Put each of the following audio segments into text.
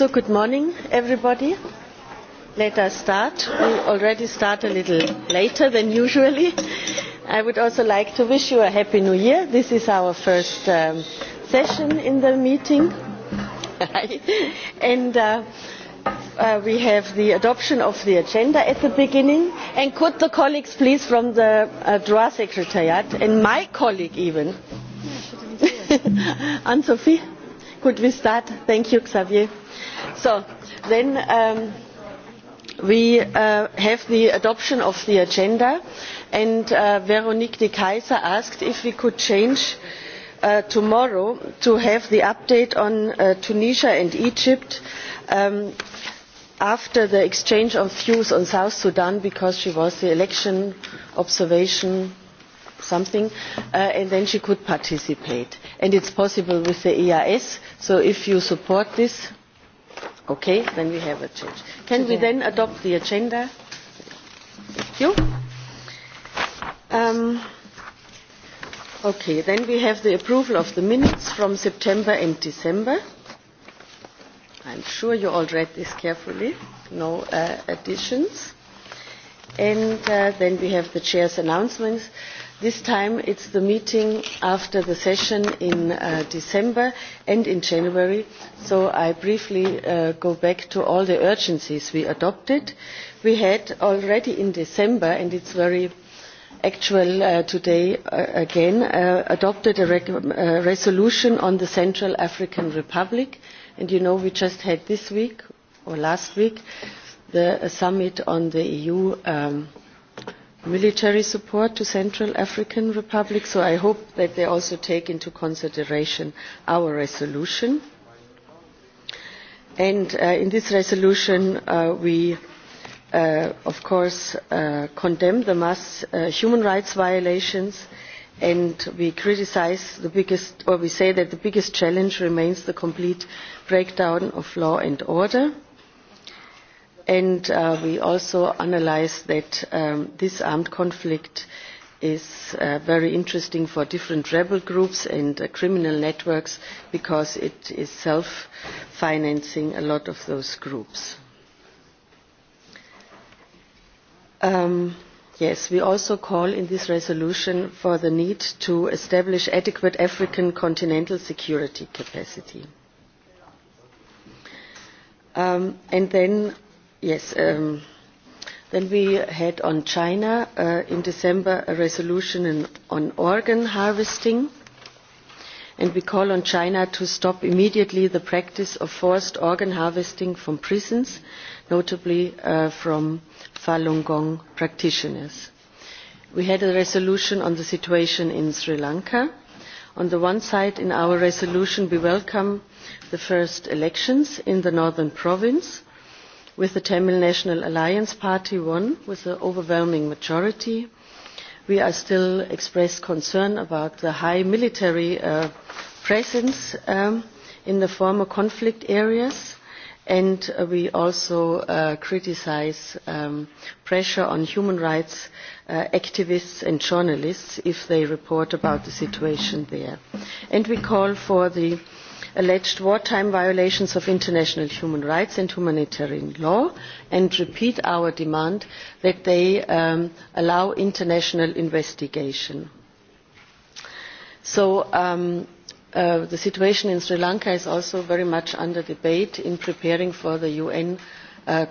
So good morning, everybody. Let us start. We already start a little later than usually. I would also like to wish you a happy new year. This is our first session in the meeting. And we have the adoption of the agenda at the beginning and could the colleagues please from the DROA secretariat and my colleague even Anne-Sophie could we start thank you Xavier So then we have the adoption of the agenda and Veronique de Kaiser asked if we could change tomorrow to have the update on Tunisia and Egypt after the exchange of views on South Sudan because she was the election observation something and then she could participate. And it's possible with the EIS, so if you support this Okay, then we have a change. Can we then adopt the agenda? Thank you. Okay, then we have the approval of the minutes from September and December. I'm sure you all read this carefully. No additions. And then we have the chair's announcements. This time it's the meeting after the session in December and in January, so I briefly go back to all the urgencies we adopted. We had already in December, and it's very actual today again, adopted a resolution on the Central African Republic, and you know we just had this week or last week the summit on the EU military support to the Central African Republic, so I hope that they also take into consideration our resolution. in this resolution we of course condemn the mass human rights violations and we criticise the biggest or we say that the biggest challenge remains the complete breakdown of law and order and we also analyse that this armed conflict is very interesting for different rebel groups and criminal networks because it is self financing a lot of those groups. Yes, we also call in this resolution for the need to establish adequate African continental security capacity. And then Yes. Then we had on China in December a resolution on organ harvesting, and we call on China to stop immediately the practice of forced organ harvesting from prisons, notably from Falun Gong practitioners. We had a resolution on the situation in Sri Lanka. On the one side, in our resolution, we welcome the first elections in the northern province with the Tamil National Alliance Party won with an overwhelming majority. We are still expressed concern about the high military presence in the former conflict areas and we also criticise pressure on human rights activists and journalists if they report about the situation there. And we call for the alleged wartime violations of international human rights and humanitarian law and repeat our demand that they allow international investigation. So the situation in Sri Lanka is also very much under debate in preparing for the UN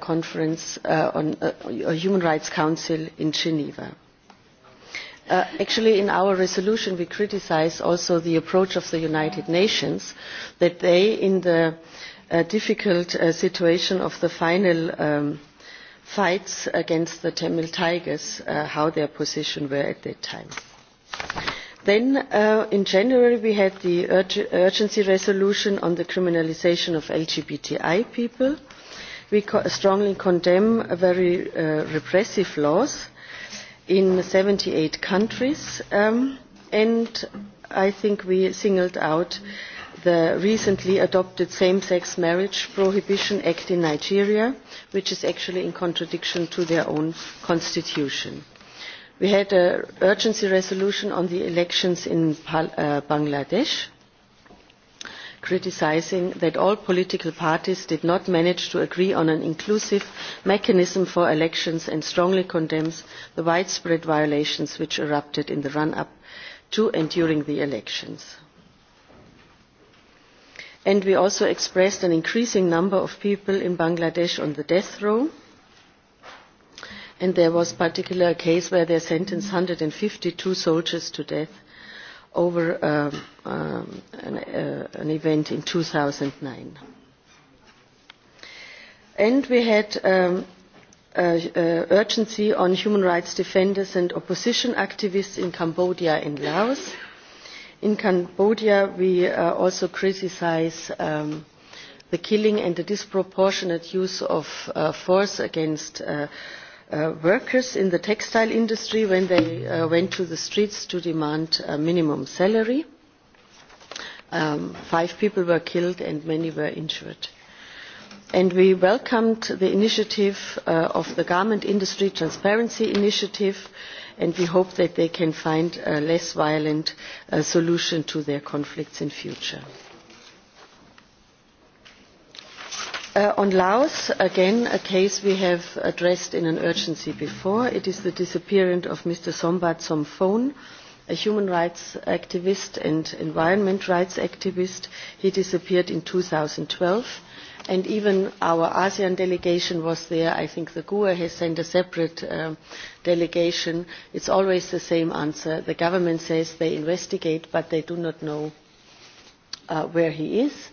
conference on Human Rights Council in Geneva. Actually, in our resolution, we criticize also the approach of the United Nations that they, in the difficult situation of the final fights against the Tamil Tigers, how their position were at that time. Then, in January, we had the urgency resolution on the criminalization of LGBTI people. We strongly condemn very repressive laws in 78 countries and I think we singled out the recently adopted same-sex marriage prohibition act in Nigeria, which is actually in contradiction to their own constitution. We had an urgency resolution on the elections in Bangladesh criticising that all political parties did not manage to agree on an inclusive mechanism for elections and strongly condemns the widespread violations which erupted in the run up to and during the elections. And we also expressed an increasing number of people in Bangladesh on the death row. And there was a particular case where they sentenced 152 soldiers to death over an event in 2009. And we had urgency on human rights defenders and opposition activists in Cambodia and Laos. In Cambodia, we also criticize the killing and the disproportionate use of force against workers in the textile industry when they went to the streets to demand a minimum salary. Five people were killed and many were injured. And we welcomed the initiative of the Garment Industry Transparency Initiative and we hope that they can find a less violent solution to their conflicts in future. On Laos, again, a case we have addressed in an urgency before. It is the disappearance of Mr. Sombat Somphone, a human rights activist and environment rights activist. He disappeared in 2012, and even our ASEAN delegation was there. I think the GUA has sent a separate delegation. It's always the same answer. The government says they investigate, but they do not know where he is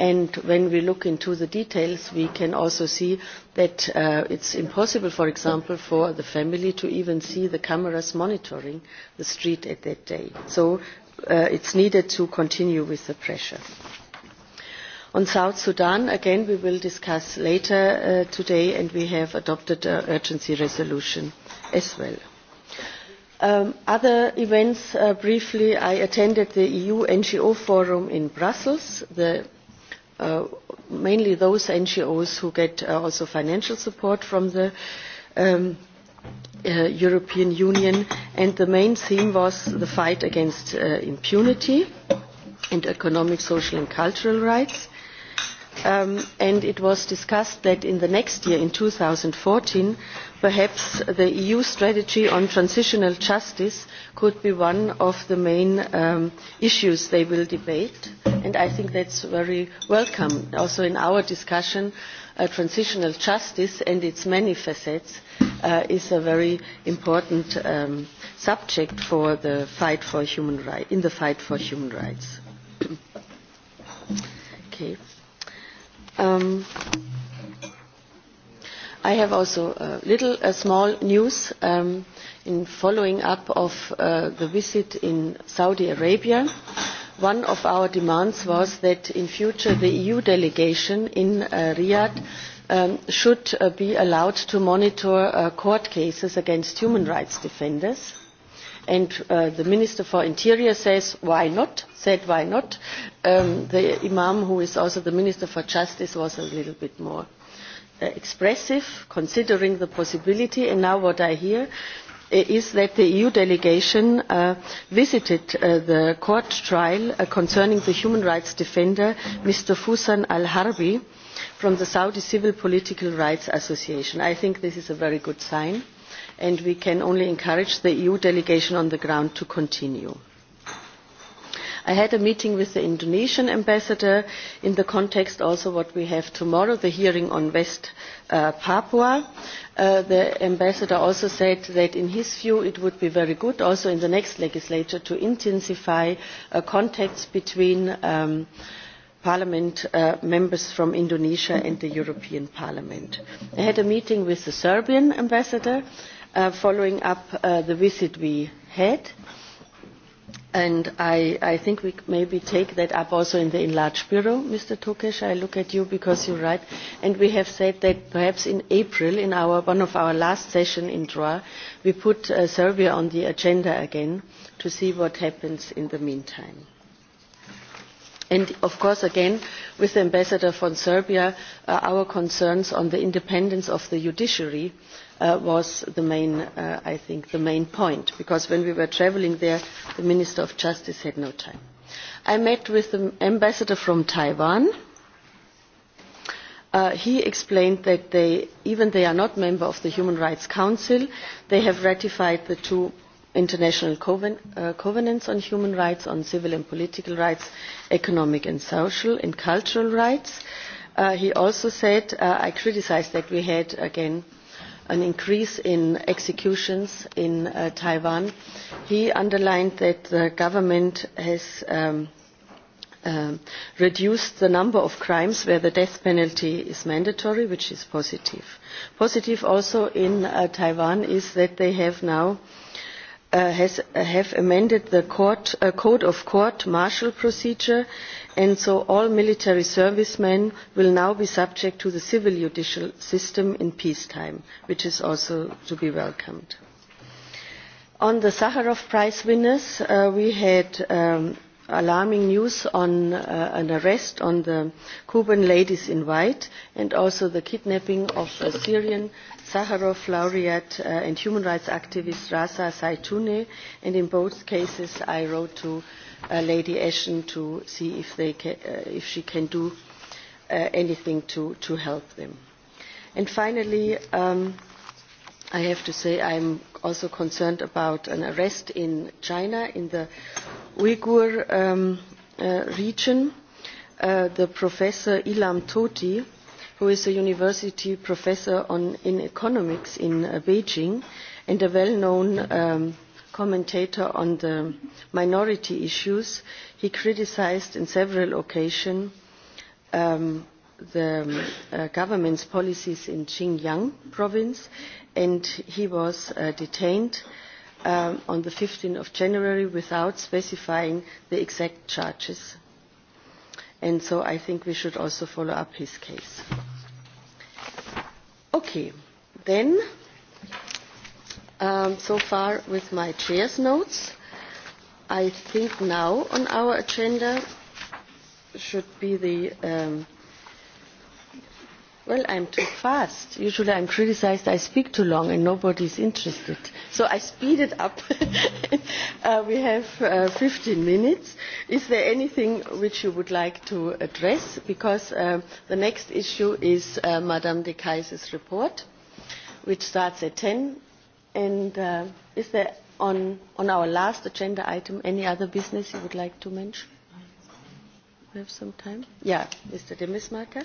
and when we look into the details we can also see that it's impossible for example for the family to even see the cameras monitoring the street at that day so it's needed to continue with the pressure on south sudan again we will discuss later today and we have adopted an urgency resolution as well Other events briefly I attended the EU NGO forum in Brussels, the mainly those NGOs who get also financial support from the European Union. And the main theme was the fight against impunity and economic, social and cultural rights and it was discussed that in the next year in 2014 perhaps the eu strategy on transitional justice could be one of the main issues they will debate and i think that's very welcome also in our discussion transitional justice and its many facets is a very important subject for the fight for human rights in the fight for human rights I have also a little small news in following up of the visit in Saudi Arabia. One of our demands was that in future the EU delegation in Riyadh should be allowed to monitor court cases against human rights defenders and the minister for interior says why not said why not the imam who is also the minister for justice was a little bit more expressive considering the possibility and now what i hear is that the eu delegation visited the court trial concerning the human rights defender mr fusan al harbi from the saudi civil political rights association. i think this is a very good sign and we can only encourage the EU delegation on the ground to continue. I had a meeting with the Indonesian ambassador in the context also what we have tomorrow, the hearing on West Papua. The ambassador also said that in his view it would be very good also in the next legislature to intensify contacts between Parliament members from Indonesia and the European Parliament. I had a meeting with the Serbian ambassador following up the visit we had. And I think we maybe take that up also in the enlarged bureau, Mr. Tokesh, I look at you because you're right. And we have said that perhaps in April, in one of our last sessions in Droit, we put Serbia on the agenda again to see what happens in the meantime. And of course, again, with the ambassador from Serbia, our concerns on the independence of the judiciary was the main I think the main point because when we were travelling there the Minister of Justice had no time. I met with the ambassador from Taiwan. He explained that they even they are not member of the Human Rights Council, they have ratified the two international covenants on human rights, on civil and political rights, economic and social and cultural rights. He also said I criticised that we had again an increase in executions in Taiwan. He underlined that the government has reduced the number of crimes where the death penalty is mandatory, which is positive. Positive also in Taiwan is that they have now have amended the code of court martial procedure and so all military servicemen will now be subject to the civil judicial system in peacetime which is also to be welcomed. on the sakharov prize winners we had alarming news on an arrest on the cuban ladies in white and also the kidnapping of a syrian Sakharov laureate and human rights activist Rasa Saitune, and in both cases I wrote to Lady Ashton to see if she can do anything to help them. And finally, I have to say I'm also concerned about an arrest in China in the Uyghur region. The professor Ilam Toti who is a university professor in economics in Beijing and a well-known commentator on the minority issues. He criticized on several occasions the government's policies in Xinjiang province and he was detained on the 15th of January without specifying the exact charges. And so I think we should also follow up his case. Okay, then, so far with my chair's notes, I think now on our agenda should be the Well, I'm too fast. Usually I'm criticized I speak too long and nobody is interested. So I speed it up. We have 15 minutes. Is there anything which you would like to address? Because the next issue is Madame de Kaiser's report, which starts at 10. And is there on our last agenda item any other business you would like to mention? We have some time. Yeah, Mr. Demismarker.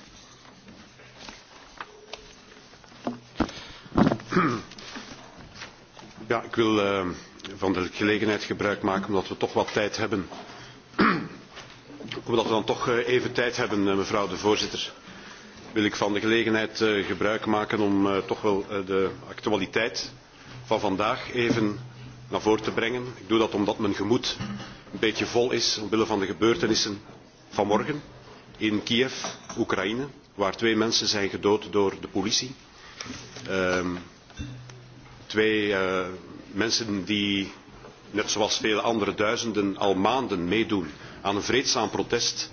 ik wil van de gelegenheid gebruik maken omdat we toch wat tijd hebben. Omdat we dan toch even tijd hebben, mevrouw de voorzitter, wil ik van de gelegenheid gebruik maken om toch wel de actualiteit van vandaag even naar voren te brengen. Ik doe dat omdat mijn gemoed een beetje vol is omwille van de gebeurtenissen van morgen in Kiev, Oekraïne, waar twee mensen zijn gedood door de politie. Twee mensen die, net zoals vele andere duizenden, al maanden meedoen aan een vreedzaam protest,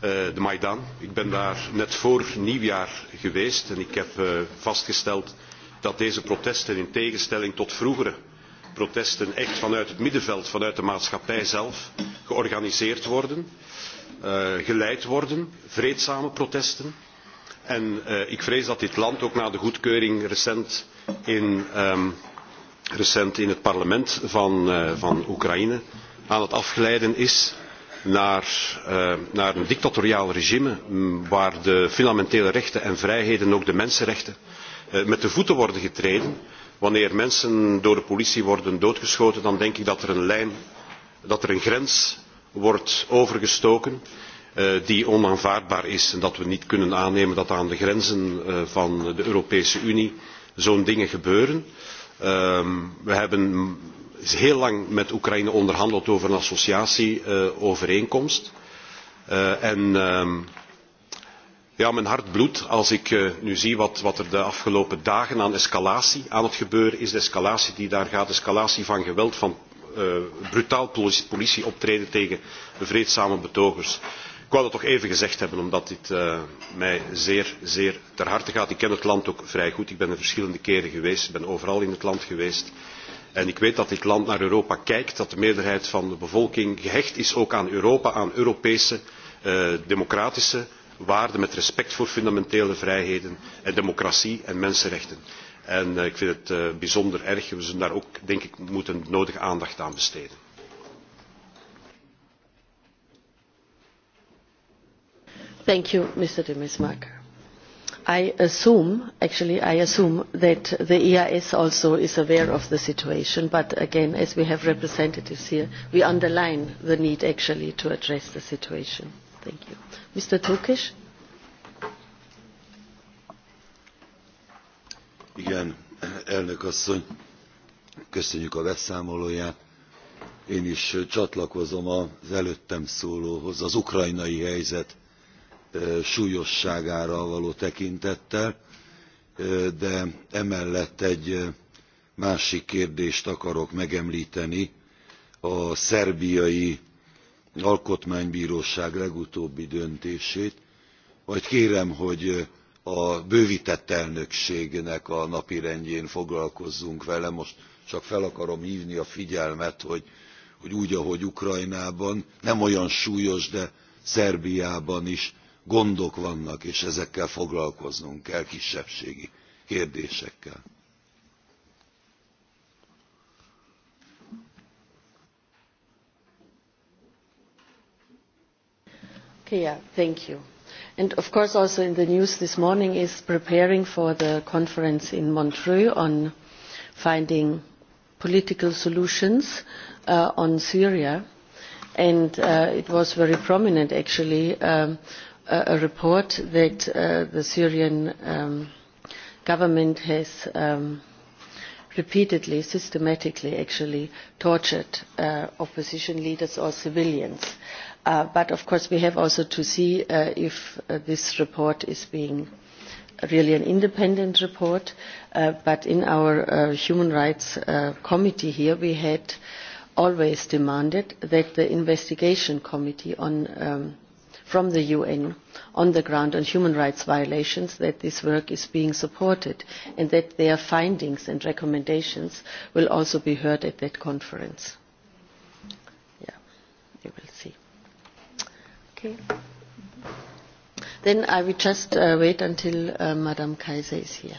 de Maidan. Ik ben daar net voor nieuwjaar geweest en ik heb vastgesteld dat deze protesten in tegenstelling tot vroegere protesten echt vanuit het middenveld, vanuit de maatschappij zelf, georganiseerd worden, geleid worden, vreedzame protesten en ik vrees dat dit land ook na de goedkeuring recent in het parlement van oekraïne aan het afglijden is naar een dictatoriaal regime waar de fundamentele rechten en vrijheden ook de mensenrechten met de voeten worden getreden. wanneer mensen door de politie worden doodgeschoten dan denk ik dat er een grens wordt overgestoken die onaanvaardbaar is en dat we niet kunnen aannemen dat aan de grenzen van de Europese Unie zo'n dingen gebeuren. We hebben heel lang met Oekraïne onderhandeld over een associatieovereenkomst. En ja, mijn hart bloedt als ik nu zie wat er de afgelopen dagen aan escalatie aan het gebeuren is. De escalatie die daar gaat, escalatie van geweld, van brutaal politieoptreden tegen vreedzame betogers. Ik wou dat toch even gezegd hebben, omdat dit mij zeer, zeer ter harte gaat. Ik ken het land ook vrij goed. Ik ben er verschillende keren geweest. Ik ben overal in het land geweest. En ik weet dat dit land naar Europa kijkt, dat de meerderheid van de bevolking gehecht is ook aan Europa, aan Europese democratische waarden met respect voor fundamentele vrijheden en democratie en mensenrechten. En ik vind het bijzonder erg. We zullen daar ook, denk ik, nodige aandacht aan besteden. Thank you, Mr. de I assume, actually, I assume that the EIS also is aware of the situation, but again, as we have representatives here, we underline the need actually to address the situation. Thank you. Mr. Tokes. Igen, elnök asszony, köszönjük a beszámolóját. Én is csatlakozom az előttem szólóhoz, az ukrajnai helyzet súlyosságára való tekintettel, de emellett egy másik kérdést akarok megemlíteni, a szerbiai alkotmánybíróság legutóbbi döntését, majd kérem, hogy a bővített elnökségnek a napirendjén foglalkozzunk vele. Most csak fel akarom hívni a figyelmet, hogy, hogy úgy, ahogy Ukrajnában, nem olyan súlyos, de Szerbiában is gondok vannak, és ezekkel foglalkoznunk kell kisebbségi kérdésekkel. Yeah, thank you. And of course also in the news this morning is preparing for the conference in Montreux on finding political solutions on Syria. And it was very prominent actually a report that the Syrian government has repeatedly, systematically actually tortured opposition leaders or civilians. But of course we have also to see if this report is being really an independent report. But in our Human Rights Committee here we had always demanded that the investigation committee on from the UN on the ground on human rights violations that this work is being supported and that their findings and recommendations will also be heard at that conference. Yeah, you will see. Okay. Then I will just wait until Madam Kaiser is here.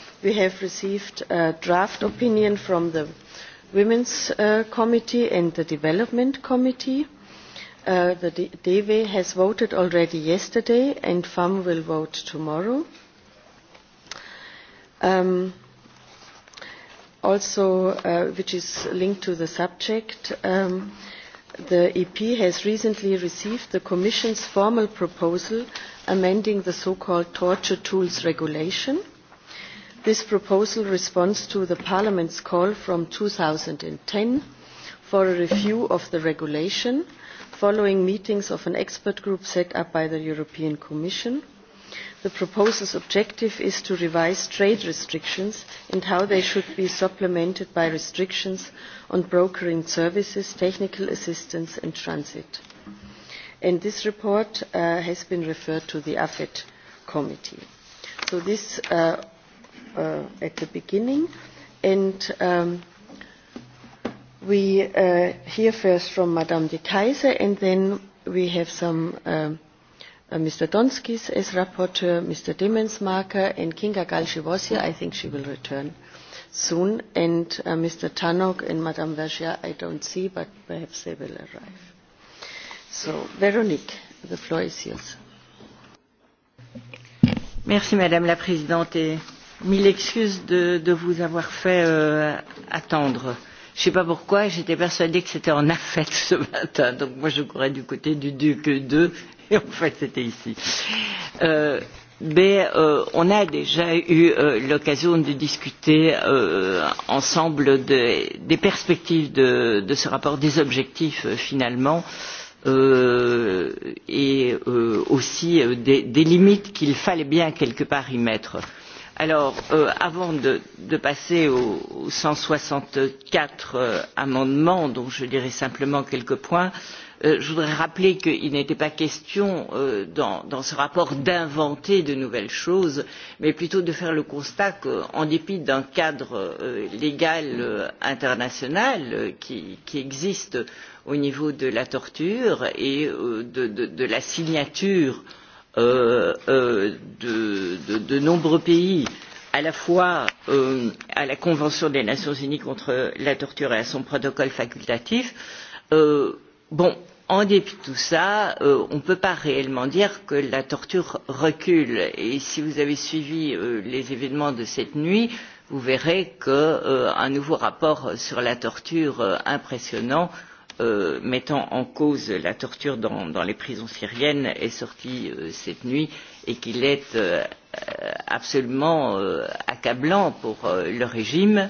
we have received a draft opinion from the Women's Committee and the Development Committee. The DEWE has voted already yesterday and FAM will vote tomorrow. Also, which is linked to the subject, the EP has recently received the Commission's formal proposal amending the so-called torture tools regulation This proposal responds to the Parliament's call from 2010 for a review of the regulation following meetings of an expert group set up by the European Commission. The proposal's objective is to revise trade restrictions and how they should be supplemented by restrictions on brokering services, technical assistance and transit. And this report has been referred to the AFET Committee. So this at the beginning. And we hear first from Madame de Kaiser and then we have some Mr. Donskis as rapporteur, Mr. Demensmarker and Kinga Gal. I think she will return soon. And Mr. Tanok and Madame Vergia I don't see, but perhaps they will arrive. So, Véronique, the floor is yours. Merci Madame la Présidente mille excuses de vous avoir fait attendre. Je ne sais pas pourquoi, j'étais persuadée que c'était en affaire ce matin, donc moi je courais du côté du Duc 2 et en fait c'était ici. Mais on a déjà eu l'occasion de discuter ensemble des perspectives de ce rapport, des objectifs finalement et aussi des limites qu'il fallait bien quelque part y mettre Alors, avant de passer aux cent soixante quatre amendements, dont je dirai simplement quelques points, je voudrais rappeler qu'il n'était pas question, dans ce rapport, d'inventer de nouvelles choses, mais plutôt de faire le constat qu'en dépit d'un cadre légal international qui existe au niveau de la torture et de la signature de nombreux pays à la fois à la Convention des Nations unies contre la torture et à son protocole facultatif, bon, en dépit de tout cela, on ne peut pas réellement dire que la torture recule. Et si vous avez suivi les événements de cette nuit, vous verrez qu'un nouveau rapport sur la torture impressionnant mettant en cause la torture dans les prisons syriennes est sorti cette nuit et qu'il est absolument accablant pour le régime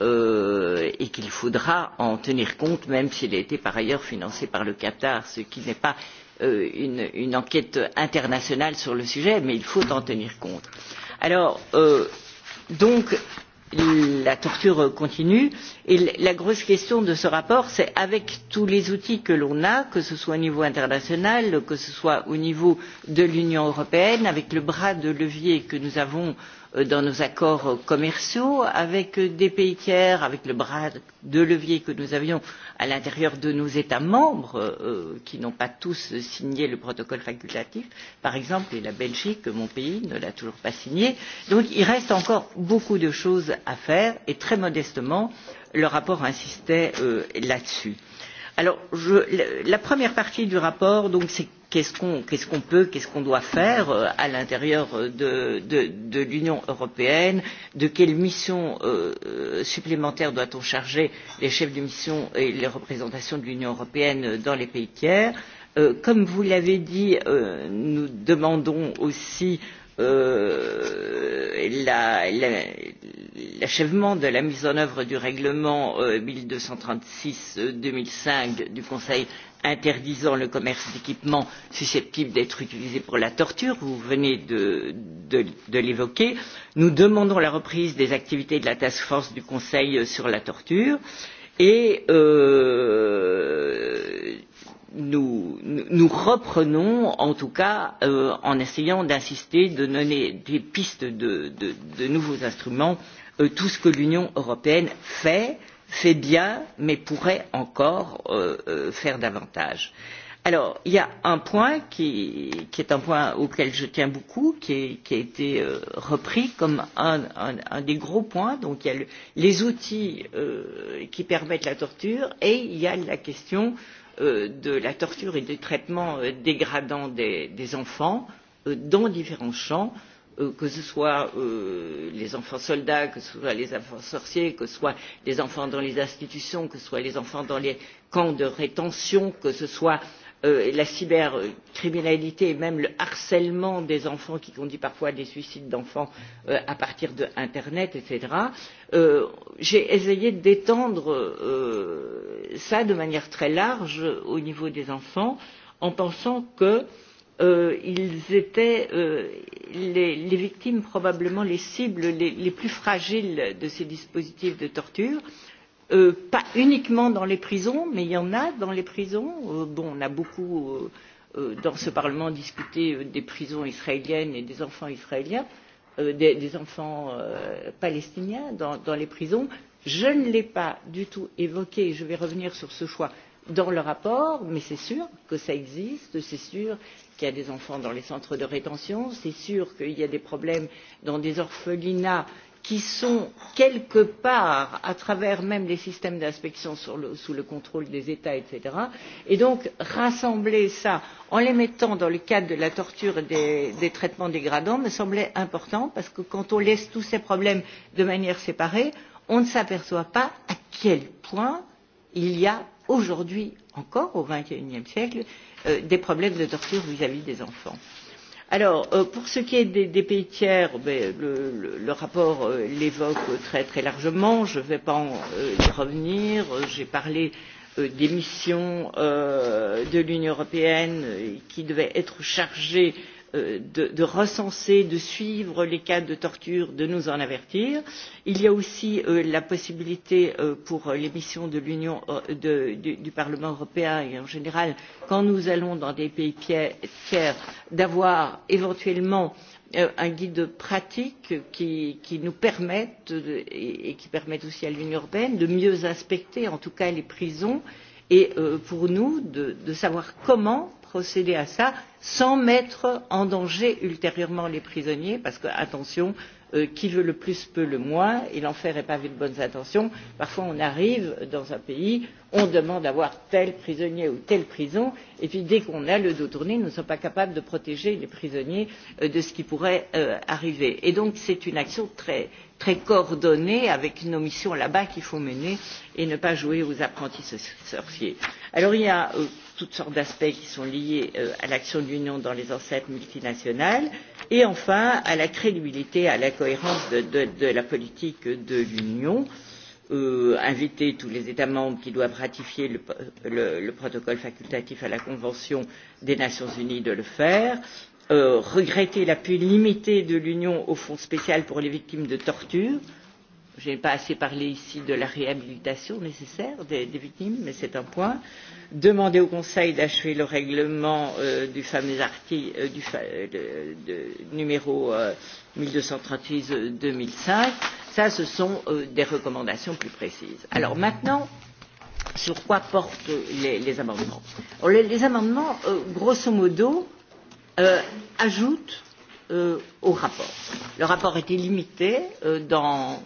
et qu'il faudra en tenir compte même s'il a été par ailleurs financé par le Qatar ce qui n'est pas une enquête internationale sur le sujet mais il faut en tenir compte. Alors donc la torture continue et la grosse question de ce rapport c'est avec tous les outils que l'on a que ce soit au niveau international que ce soit au niveau de l'union européenne avec le bras de levier que nous avons dans nos accords commerciaux avec des pays tiers avec le bras de levier que nous avions à l'intérieur de nos états membres qui n'ont pas tous signé le protocole facultatif par exemple et la belgique mon pays ne l'a toujours pas signé. donc il reste encore beaucoup de choses à faire et très modestement le rapport insistait là dessus. alors la première partie du rapport c'est qu'est-ce qu'on peut qu'est-ce qu'on doit faire à l'intérieur de de de l'Union européenne de quelles missions supplémentaires doit-on charger les chefs de mission et les représentations de l'Union européenne dans les pays tiers comme vous l'avez dit nous demandons aussi l'achèvement de la mise en œuvre du règlement mille deux cent trente six deux mille cinq du conseil interdisant le commerce d'équipements susceptibles d'être utilisés pour la torture vous venez de l'évoquer nous demandons la reprise des activités de la task force du conseil sur la torture et nous reprenons en tout cas en essayant d'insister de donner des pistes de nouveaux instruments tout ce que l'union européenne fait fait bien mais pourrait encore faire davantage. alors il y a un point qui est un point auquel je tiens beaucoup qui a été repris comme un des gros points donc il y a les outils qui permettent la torture et il y a la question de la torture et du traitement dégradant des enfants dans différents champs, que ce soit les enfants soldats, que ce soit les enfants sorciers, que ce soit les enfants dans les institutions, que ce soit les enfants dans les camps de rétention, que ce soit la cybercriminalité et même le harcèlement des enfants qui conduit parfois à des suicides d'enfants à partir d'internet, etc. j'ai essayé d'étendre cela de manière très large au niveau des enfants en pensant qu'ils étaient les victimes probablement les cibles les plus fragiles de ces dispositifs de torture pas uniquement dans les prisons, mais il y en a dans les prisons. Bon, on a beaucoup dans ce Parlement discuté des prisons israéliennes et des enfants israéliens, des enfants palestiniens dans les prisons. Je ne l'ai pas du tout évoqué, je vais revenir sur ce choix dans le rapport, mais c'est sûr que ça existe, c'est sûr qu'il y a des enfants dans les centres de rétention, c'est sûr qu'il y a des problèmes dans des orphelinats qui sont quelque part à travers même des systèmes d'inspection sous le contrôle des états etc. et donc rassembler cela en les mettant dans le cadre de la torture et des traitements dégradants me semblait important parce que quand on laisse tous ces problèmes de manière séparée on ne s'aperçoit pas à quel point il y a aujourd'hui encore au xxie siècle des problèmes de torture vis à vis des enfants. Alors, pour ce qui est des pays tiers, le rapport l'évoque très très largement, je ne vais pas y revenir. J'ai parlé des missions de l'Union européenne qui devaient être chargées de recenser de suivre les cas de torture de nous en avertir. il y a aussi la possibilité pour les missions du parlement européen et en général quand nous allons dans des pays tiers d'avoir éventuellement un guide pratique qui nous permette et qui permette aussi à l'union européenne de mieux inspecter en tout cas les prisons et pour nous de savoir comment procéder à cela sans mettre en danger ultérieurement les prisonniers parce que attention qui veut le plus peut le moins et l'enfer pas pavé de bonnes intentions parfois on arrive dans un pays on demande à voir tel prisonnier ou telle prison et puis dès qu'on a le dos tourné nous ne sommes pas capables de protéger les prisonniers de ce qui pourrait arriver. et donc c'est une action très très coordonnée avec nos missions là bas qu'il faut mener et ne pas jouer aux apprentis sorciers. alors il y a toutes sortes d'aspects qui sont liés à l'action de l'union dans les enceintes multinationales et enfin à la crédibilité et à la cohérence de la politique de l'union inviter tous les états membres qui doivent ratifier le protocole facultatif à la convention des nations unies de le faire regretter l'appui limité de l'union au fonds spécial pour les victimes de torture. Je n'ai pas assez parlé ici de la réhabilitation nécessaire des victimes, mais c'est un point. Demander au Conseil d'achever le règlement du fameux article numero mille cinq ça, ce sont des recommandations plus précises. Alors maintenant, sur quoi portent les amendements Les amendements, grosso modo, ajoutent au rapport. Le rapport était limité dans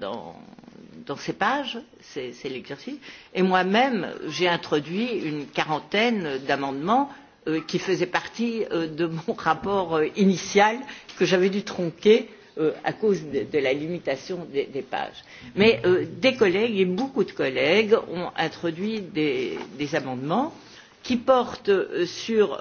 dans ces pages, c'est l'exercice, et moi-même, j'ai introduit une quarantaine d'amendements qui faisaient partie de mon rapport initial, que j'avais dû tronquer à cause de la limitation des pages. Mais des collègues, et beaucoup de collègues, ont introduit des amendements qui porte sur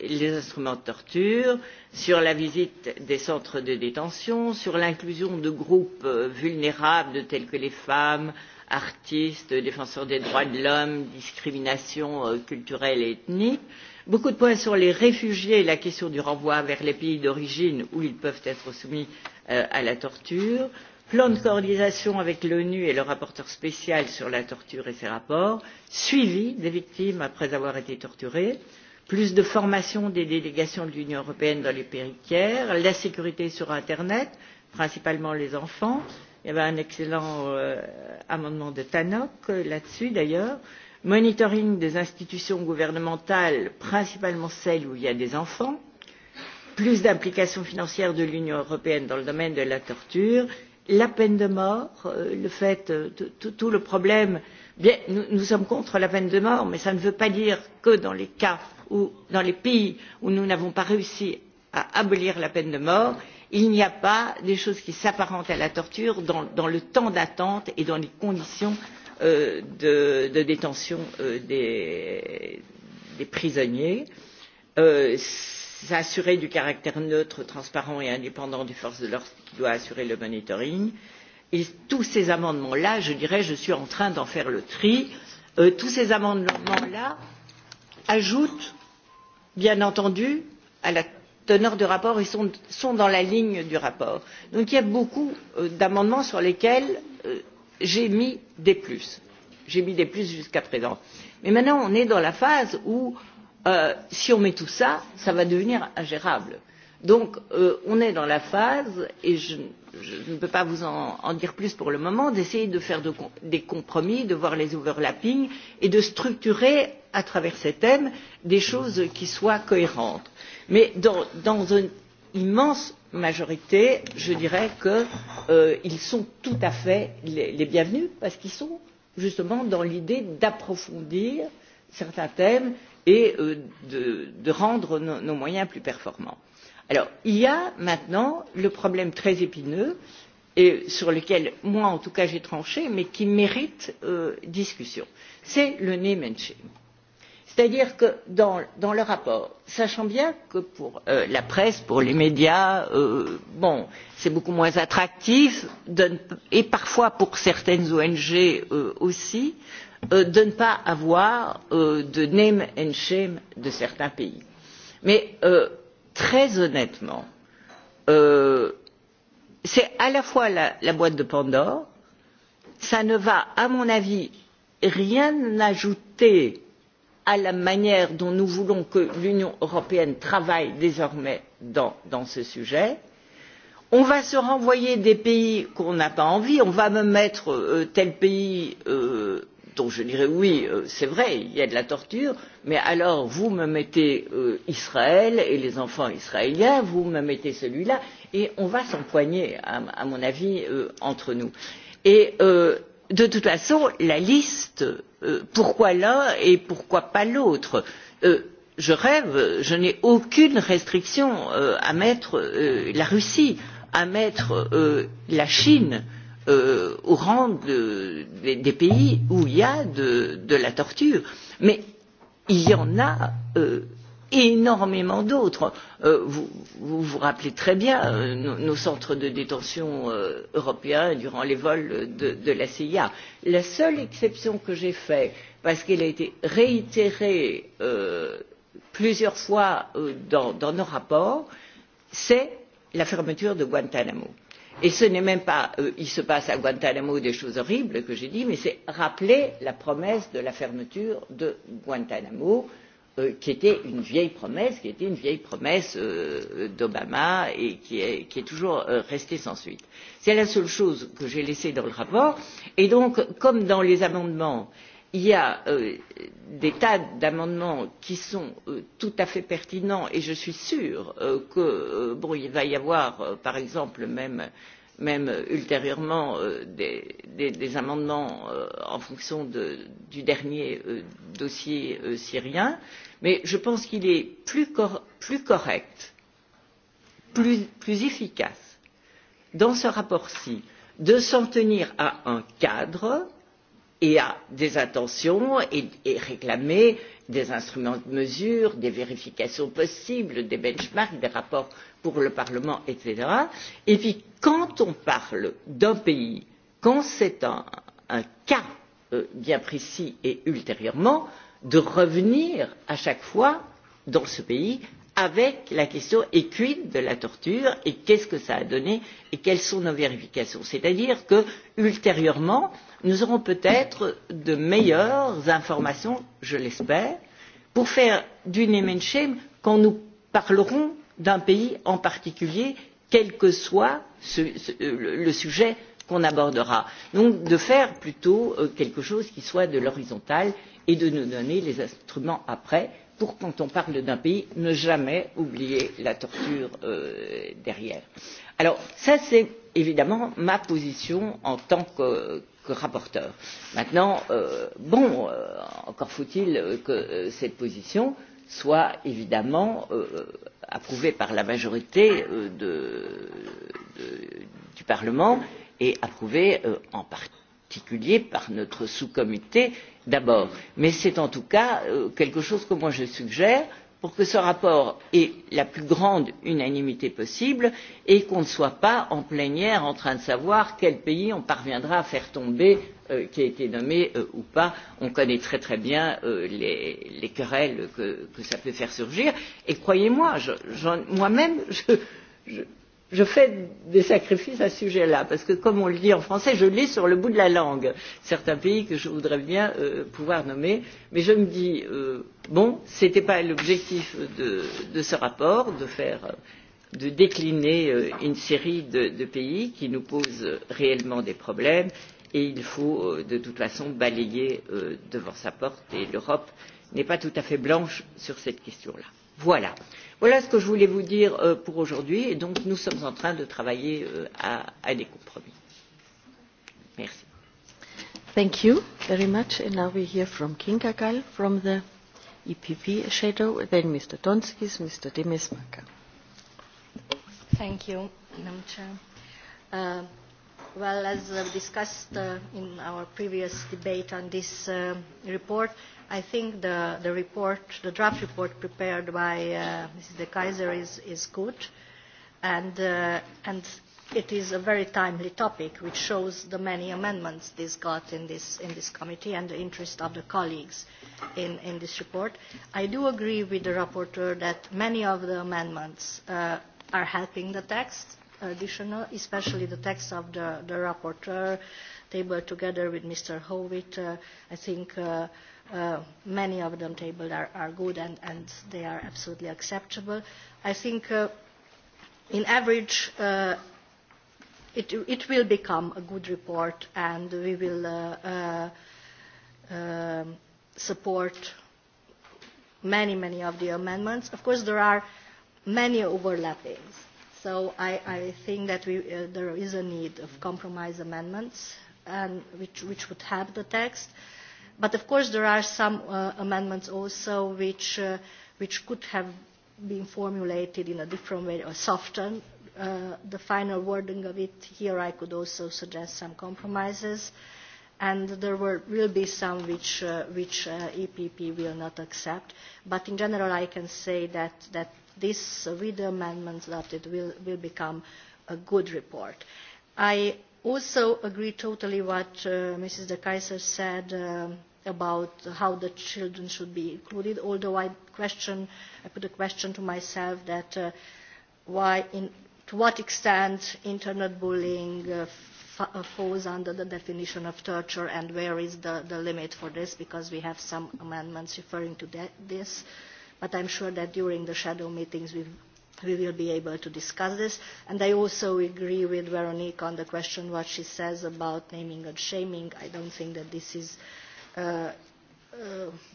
les instruments de torture, sur la visite des centres de détention, sur l'inclusion de groupes vulnérables tels que les femmes, artistes, défenseurs des droits de l'homme, discrimination culturelle et ethnique, beaucoup de points sur les réfugiés et la question du renvoi vers les pays d'origine où ils peuvent être soumis à la torture, plan de coordination avec l'onu et le rapporteur spécial sur la torture et ses rapports suivi des victimes après avoir été torturées plus de formation des délégations de l'union européenne dans les pays tiers la sécurité sur internet principalement les enfants il y avait un excellent amendement de tannock là dessus d'ailleurs monitoring des institutions gouvernementales principalement celles où il y a des enfants plus d'implication financière de l'union européenne dans le domaine de la torture la peine de mort, le fait, tout le problème, bien, nous sommes contre la peine de mort, mais ça ne veut pas dire que dans les cas où, dans les pays où nous n'avons pas réussi à abolir la peine de mort, il n'y a pas des choses qui s'apparentent à la torture dans le temps d'attente et dans les conditions de détention des prisonniers s'assurer du caractère neutre, transparent et indépendant des forces de l'ordre qui doit assurer le monitoring. Et tous ces amendements-là, je dirais, je suis en train d'en faire le tri. Tous ces amendements-là ajoutent, bien entendu, à la teneur du rapport et sont dans la ligne du rapport. Donc il y a beaucoup d'amendements sur lesquels j'ai mis des plus. J'ai mis des plus jusqu'à présent. Mais maintenant, on est dans la phase où si on met tout ça, ça va devenir ingérable. Donc on est dans la phase et je ne peux pas vous en dire plus pour le moment d'essayer de faire des compromis, de voir les overlappings et de structurer à travers ces thèmes des choses qui soient cohérentes. Mais dans une immense majorité, je dirais qu'ils sont tout à fait les bienvenus parce qu'ils sont justement dans l'idée d'approfondir certains thèmes et de rendre nos moyens plus performants. Alors, il y a maintenant le problème très épineux, et sur lequel moi en tout cas j'ai tranché, mais qui mérite discussion. C'est le name and shame. C'est-à-dire que dans le rapport, sachant bien que pour la presse, pour les médias, bon, c'est beaucoup moins attractif, et parfois pour certaines ONG aussi, de ne pas avoir de name and shame de certains pays. mais très honnêtement c'est à la fois la boîte de pandore ça ne va à mon avis rien ajouter à la manière dont nous voulons que l'union européenne travaille désormais dans ce sujet. on va se renvoyer des pays qu'on n'a pas envie on va me mettre tel pays dont je dirais oui, c'est vrai, il y a de la torture, mais alors vous me mettez Israël et les enfants israéliens, vous me mettez celui-là, et on va s'empoigner, à mon avis, entre nous. Et de toute façon, la liste, pourquoi l'un et pourquoi pas l'autre Je rêve, je n'ai aucune restriction à mettre la Russie, à mettre la Chine au rang des pays où il y a de la torture. Mais il y en a énormément d'autres. Vous vous rappelez très bien nos centres de détention européens durant les vols de la CIA. La seule exception que j'ai faite, parce qu'elle a été réitérée plusieurs fois dans nos rapports, c'est la fermeture de Guantanamo et ce n'est même pas il se passe à Guantanamo des choses horribles que j'ai dit mais c'est rappeler la promesse de la fermeture de Guantanamo, qui était une vieille promesse qui était une vieille promesse d'obama et qui est toujours restée sans suite. c'est la seule chose que j'ai laissée dans le rapport et donc comme dans les amendements il y a des tas d'amendements qui sont tout à fait pertinents et je suis sûre qu'il va y avoir par exemple même ultérieurement des amendements en fonction du dernier dossier syrien mais je pense qu'il est plus correct plus efficace dans ce rapport ci de s'en tenir à un cadre et à des intentions et réclamer des instruments de mesure, des vérifications possibles, des benchmarks, des rapports pour le Parlement, etc. Et puis, quand on parle d'un pays, quand c'est un cas bien précis et ultérieurement, de revenir à chaque fois dans ce pays avec la question et quid de la torture et qu'est-ce que cela a donné et quelles sont nos vérifications. C'est-à-dire que, ultérieurement, nous aurons peut-être de meilleures informations, je l'espère, pour faire du name and shame quand nous parlerons d'un pays en particulier, quel que soit le sujet qu'on abordera. Donc de faire plutôt quelque chose qui soit de l'horizontal et de nous donner les instruments après pour quand on parle d'un pays ne jamais oublier la torture derrière. Alors ça c'est évidemment ma position en tant que rapporteur. Maintenant, bon, encore faut-il que cette position soit évidemment approuvée par la majorité du Parlement et approuvée en particulier par notre sous-comité d'abord. Mais c'est en tout cas quelque chose que moi je suggère pour que ce rapport ait la plus grande unanimité possible et qu'on ne soit pas en plénière en train de savoir quel pays on parviendra à faire tomber qui a été nommé ou pas. On connaît très très bien les querelles que cela peut faire surgir et croyez moi, moi-même, je je fais des sacrifices à ce sujet là parce que comme on le dit en français je lis sur le bout de la langue certains pays que je voudrais bien pouvoir nommer mais je me dis bon ce n'était pas l'objectif de ce rapport de faire de décliner une série de pays qui nous posent réellement des problèmes et il faut de toute façon balayer devant sa porte et l'europe n'est pas tout à fait blanche sur cette question là. Voilà. Voilà ce que je voulais vous dire pour aujourd'hui et donc nous sommes en train de travailler à des compromis. Merci. Thank you very much. And now we hear from King Kakal from the EPP shadow, then Mr. Donskis, Mr. Demesmaker. Thank you, Madam Chair. Well, as discussed in our previous debate on this report, I think the the report, the draft report prepared by Mrs. De Kaiser is is good, and and it is a very timely topic, which shows the many amendments this got in this in this committee and the interest of the colleagues in in this report. I do agree with the rapporteur that many of the amendments are helping the text, additional, especially the text of the the rapporteur, tabled together with Mr. Howitt. I think many of them tabled are good and they are absolutely acceptable. I think in average it will become a good report and we will support many, many of the amendments. Of course there are many overlappings. So I think that there is a need of compromise amendments which would have the text. But of course there are some amendments also which could have been formulated in a different way or softened the final wording of it. Here I could also suggest some compromises and there will be some which which EPP will not accept. But in general I can say that that this with the amendments that it will will become a good report. I also agree totally what Mrs. De Keyser said about how the children should be included, although I question, I put a question to myself that why, to what extent internet bullying falls under the definition of torture and where is the, the limit for this because we have some amendments referring to this. But I'm sure that during the shadow meetings we we will be able to discuss this. And I also agree with Veronique on the question what she says about naming and shaming. I don't think that this is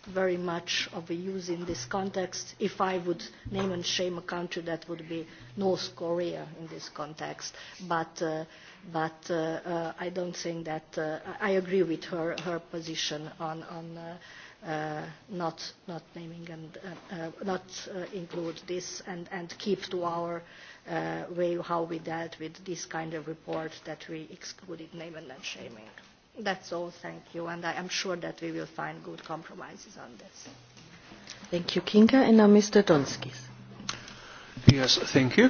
very much of a use in this context. If I would name and shame a country, that would be North Korea in this context. But I don't think that I agree with her position on not not naming and not include this and and keep to our way how we dealt with this kind of report that we excluded name and shaming. That's all. Thank you. And I am sure that we will find good compromises on this. Thank you, Kinga. And now Mr. Donskis. Yes, thank you.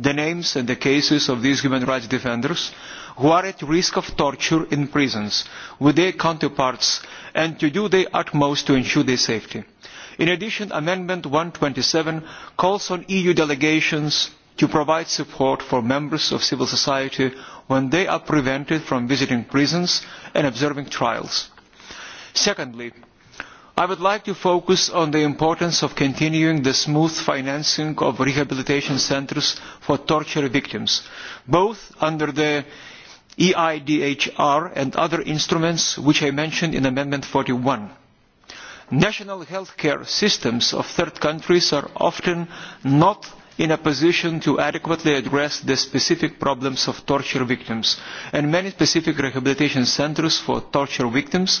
the names and the cases of these human rights defenders who are at risk of torture in prisons with their counterparts and to do their utmost to ensure their safety. In addition, Amendment one hundred and twenty seven calls on EU delegations to provide support for members of civil society when they are prevented from visiting prisons and observing trials. Secondly, I would like to focus on the importance of continuing the smooth financing of rehabilitation centres for torture victims, both under the EIDHR and other instruments which I mentioned in Amendment 41. National healthcare systems of third countries are often not in a position to adequately address the specific problems of torture victims, and many specific rehabilitation centres for torture victims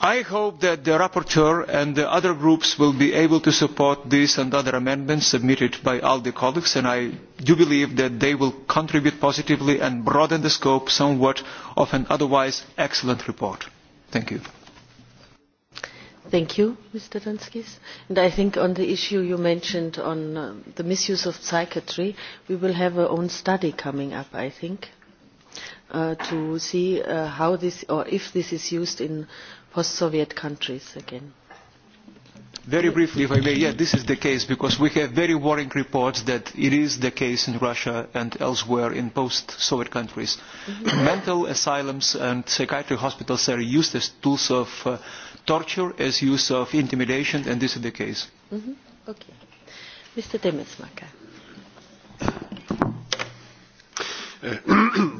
I hope that the rapporteur and the other groups will be able to support these and other amendments submitted by all the colleagues, and I do believe that they will contribute positively and broaden the scope somewhat of an otherwise excellent report. Thank you. Thank you, Mr. Donskis. And I think on the issue you mentioned on the misuse of psychiatry, we will have our own study coming up, I think, to see how this or if this is used in post-Soviet countries again. Very briefly, if I may, yeah, this is the case because we have very worrying reports that it is the case in Russia and elsewhere in post-Soviet countries. Mental asylums and psychiatric hospitals are used as tools of torture, as use of intimidation, and this is the case. Okay. Mr.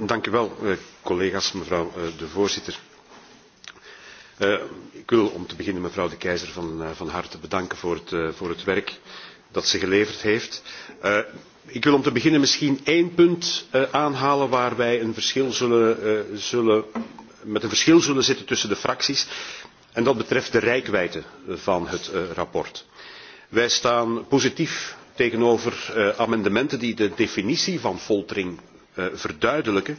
Dank u wel, mevrouw de voorzitter Ik wil om te beginnen mevrouw de Keizer van harte bedanken voor het werk dat ze geleverd heeft. Ik wil om te beginnen misschien één punt aanhalen waar wij met een verschil zullen zitten tussen de fracties en dat betreft de reikwijdte van het rapport. Wij staan positief tegenover amendementen die de definitie van foltering verduidelijken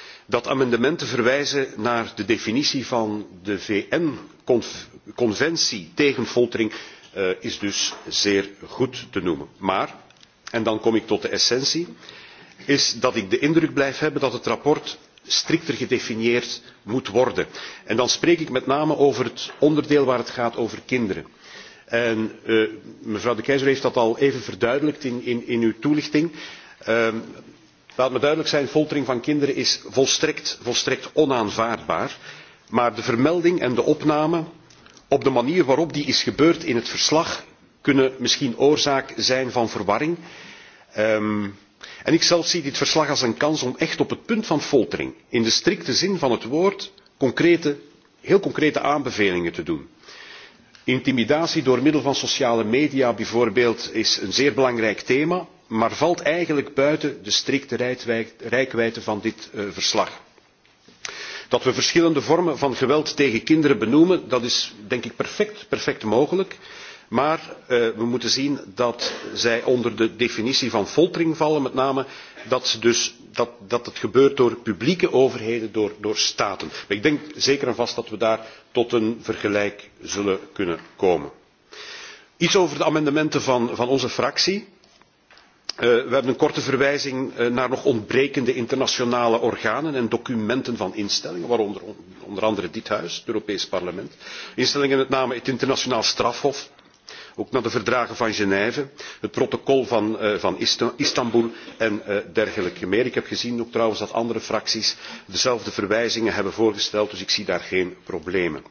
dat amendement te verwijzen naar de definitie van de vn conventie tegen foltering is dus zeer goed te noemen. maar en dan kom ik tot de essentie is dat ik de indruk blijf hebben dat het verslag strikter gedefinieerd moet worden. en dan spreek ik met name over het onderdeel waar het gaat over kinderen. En mevrouw de Keizer heeft dat al even verduidelijkt in uw toelichting laat me duidelijk zijn foltering van kinderen is volstrekt onaanvaardbaar maar de vermelding en de opname op de manier waarop die is gebeurd in het verslag kunnen misschien oorzaak zijn van verwarring en zelf zie dit verslag als een kans om echt op het punt van foltering in de strikte zin van het woord heel concrete aanbevelingen te doen. intimidatie door middel van sociale media bijvoorbeeld is een zeer belangrijk thema maar valt eigenlijk buiten de strikte reikwijdte van dit verslag. dat we verschillende vormen van geweld tegen kinderen benoemen dat is denk ik perfect mogelijk maar we moeten zien dat zij onder de definitie van foltering vallen met name dat het gebeurt door publieke overheden door staten. ik denk zeker en vast dat we daar tot een vergelijk zullen kunnen komen. iets over de amendementen van onze fractie we hebben een korte verwijzing naar nog ontbrekende internationale organen en documenten van instellingen waaronder onder andere dit huis het europees parlement instellingen met name het internationaal strafhof ook naar de verdragen van genève het protocol van istanboel en dergelijke meer. ik heb gezien ook trouwens dat andere fracties dezelfde verwijzingen hebben voorgesteld dus ik zie daar geen problemen.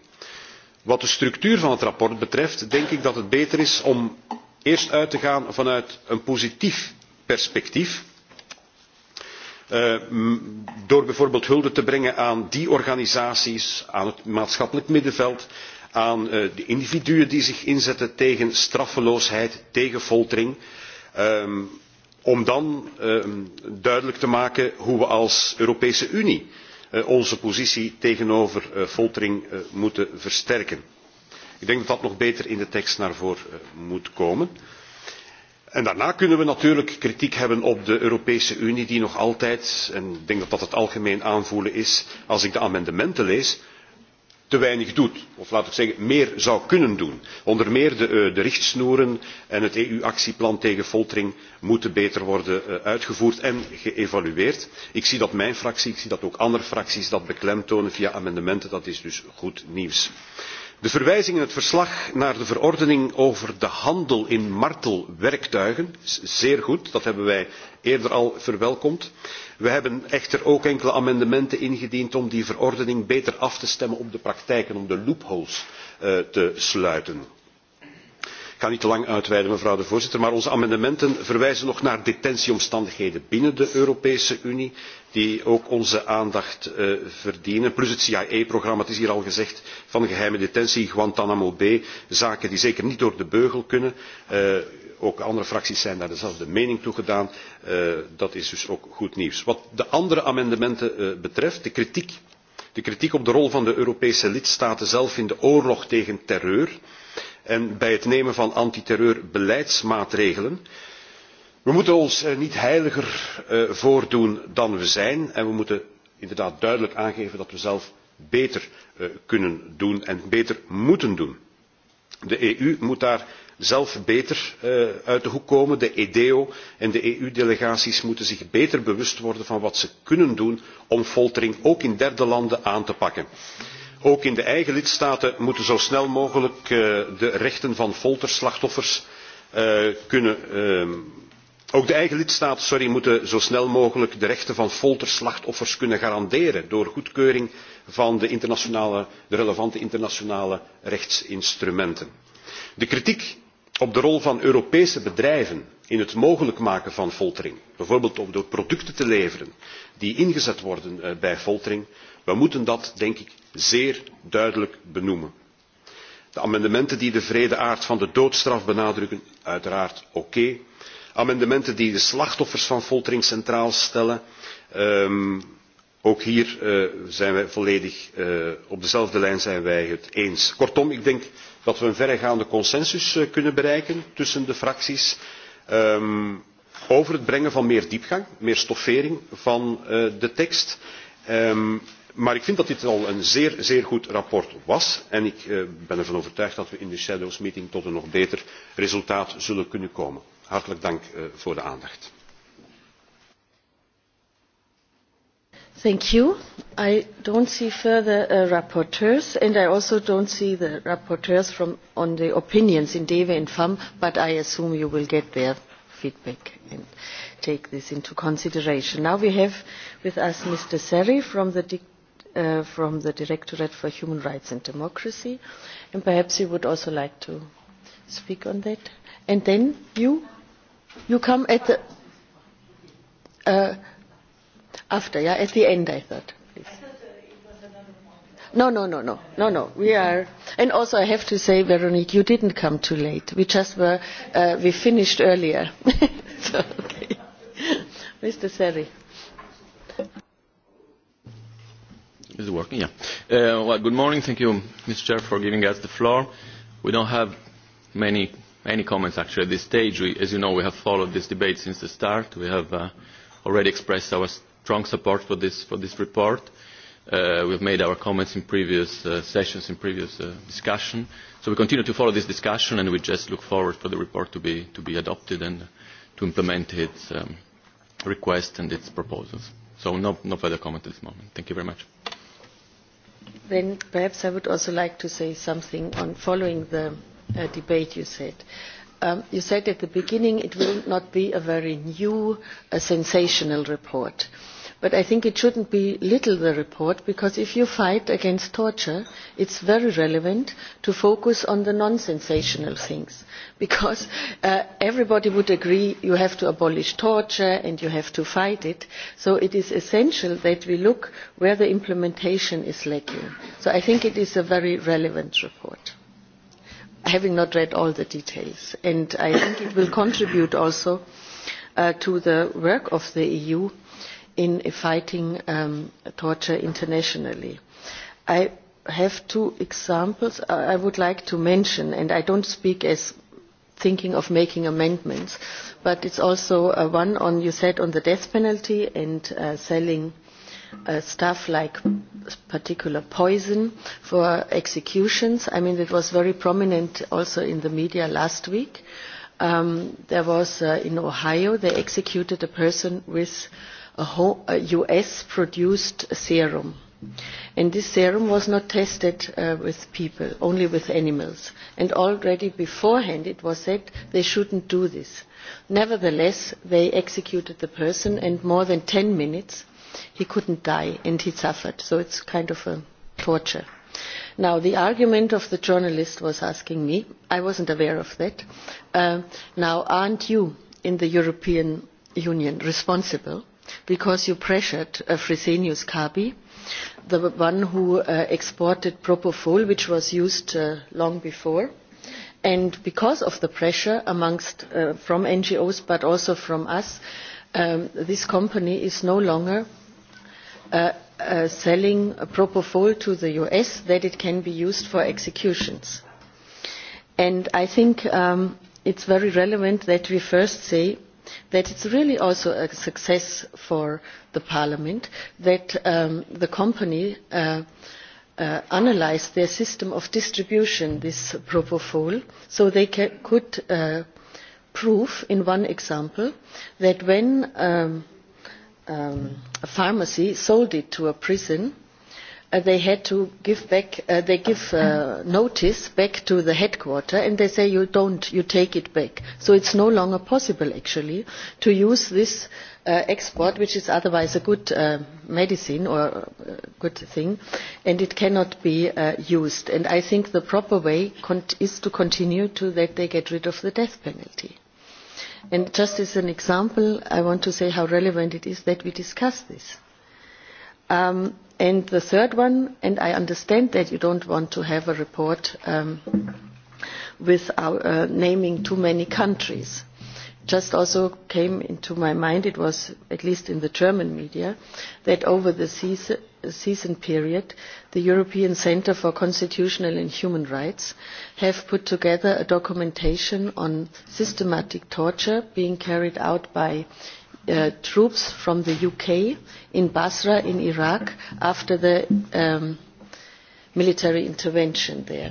wat de structuur van het verslag betreft denk ik dat het beter is om eerst uit te gaan vanuit een positief perspectief door bijvoorbeeld hulde te brengen aan die organisaties aan het maatschappelijk middenveld aan de individuen die zich inzetten tegen straffeloosheid tegen foltering om dan duidelijk te maken hoe we als europese unie onze positie tegenover foltering moeten versterken. ik denk dat dat nog beter in de tekst naar voren moet komen. En daarna kunnen we natuurlijk kritiek hebben op de Europese Unie die nog altijd, en ik denk dat dat het algemeen aanvoelen is, als ik de amendementen lees, te weinig doet. Of laat ik zeggen, meer zou kunnen doen. Onder meer de richtsnoeren en het EU-actieplan tegen foltering moeten beter worden uitgevoerd en geëvalueerd. Ik zie dat mijn fractie, ik zie dat ook andere fracties dat beklemtonen via amendementen. Dat is dus goed nieuws de verwijzing in het verslag naar de verordening over de handel in martelwerktuigen is zeer goed dat hebben wij eerder al verwelkomd. wij hebben echter ook enkele amendementen ingediend om die verordening beter af te stemmen op de praktijken om de loopholes te sluiten. Ik ga niet te lang uitweiden mevrouw de voorzitter maar onze amendementen verwijzen nog naar detentieomstandigheden binnen de europese unie die ook onze aandacht verdienen plus het cia programma het is hier al gezegd van geheime detentie Guantanamo bay zaken die zeker niet door de beugel kunnen. ook andere fracties zijn daar dezelfde mening toe gedaan. dat is dus ook goed nieuws. wat de andere amendementen betreft de kritiek de kritiek op de rol van de europese lidstaten zelf in de oorlog tegen terreur en bij het nemen van antiterreurbeleidsmaatregelen. we moeten ons niet heiliger voordoen dan we zijn en we moeten inderdaad duidelijk aangeven dat we zelf beter kunnen doen en beter moeten doen. de eu moet daar zelf beter uit de hoek komen. de edeo en de eu delegaties moeten zich beter bewust worden van wat ze kunnen doen om foltering ook in derde landen aan te pakken ook in de eigen lidstaten moeten zo snel mogelijk de rechten van folterslachtoffers kunnen ook de eigen lidstaten moeten zo snel mogelijk de rechten van folterslachtoffers kunnen garanderen door goedkeuring van de relevante internationale rechtsinstrumenten. de kritiek op de rol van europese bedrijven in het mogelijk maken van foltering bijvoorbeeld door producten te leveren die ingezet worden bij foltering we moeten dat denk ik zeer duidelijk benoemen. de amendementen die de wrede aard van de doodstraf benadrukken uiteraard oké. amendementen die de slachtoffers van foltering centraal stellen ook hier zijn wij volledig op dezelfde lijn zijn wij het eens. kortom ik denk dat we een verregaande consensus kunnen bereiken tussen de fracties over het brengen van meer diepgang meer stoffering van de tekst Maar ik vind dat dit al een zeer, zeer goed rapport was. En ik ben ervan overtuigd dat we in de shadows meeting tot een nog beter resultaat zullen kunnen komen. Hartelijk dank voor de aandacht. Thank you. I don't see further rapporteurs and I also don't see the rapporteurs from on the opinions in DEVE and FAM, but I assume you will get their feedback and take this into consideration. Now we have with us Mr. Seri from the from the Directorate for Human Rights and Democracy. And perhaps you would also like to speak on that. And then you, you come at the, uh, after, yeah, at the end, I thought. No, no, no, no, no, no. We are, and also I have to say, Veronique, you didn't come too late. We just were, we finished earlier. so, okay. Mr. Seri. Is it working? Yeah. Well, good morning. Thank you, Mr. Chair, for giving us the floor. We don't have many any comments actually at this stage. As you know, we have followed this debate since the start. We have already expressed our strong support for this for this report. We have made our comments in previous sessions, in previous discussion. So we continue to follow this discussion and we just look forward for the report to be to be adopted and to implement its request and its proposals. So no further comment at this moment. Thank you very much. Then perhaps I would also like to say something on following the debate you said. You said at the beginning it will not be a very new, sensational report. But I think it shouldn't be little the report because if you fight against torture, it's very relevant to focus on the non-sensational things, because everybody would agree you have to abolish torture and you have to fight it. So it is essential that we look where the implementation is lacking. So I think it is a very relevant report, having not read all the details, and I think it will contribute also to the work of the EU in fighting torture internationally. I have two examples I would like to mention, and I don't speak as thinking of making amendments, but it's also one on, you said, on the death penalty and selling stuff like particular poison for executions. I mean, it was very prominent also in the media last week. There was, in Ohio, they executed a person with US-produced serum. And this serum was not tested with people, only with animals. And already beforehand it was said they shouldn't do this. Nevertheless, they executed the person and more than 10 minutes he couldn't die and he suffered. So it's kind of a torture. Now, the argument of the journalist was asking me, I wasn't aware of that, now aren't you in the European Union responsible? because you pressured Fresenius Kabi, the one who exported propofol, which was used long before. And because of the pressure amongst from NGOs but also from us, this company is no longer selling propofol to the US that it can be used for executions. And I think it's very relevant that we first say that is really also a success for Parliament that the company analysed their system of distribution, this propofol, so they could prove in one example that when a pharmacy sold it to a prison, they had to give back they give notice back to the headquarter and they say you don't you take it back so it's no longer possible actually to use this export which is otherwise a good medicine or good thing and it cannot be used and i think the proper way is to continue to that they get rid of the death penalty and just as an example i want to say how relevant it is that we discuss this And the third one, and I understand that you don't want to have a report with naming too many countries. Just also came into my mind, it was at least in the German media, that over the season period, the European Center for Constitutional and Human Rights have put together a documentation on systematic torture being carried out by troops from the UK in Basra in Iraq after the military intervention there.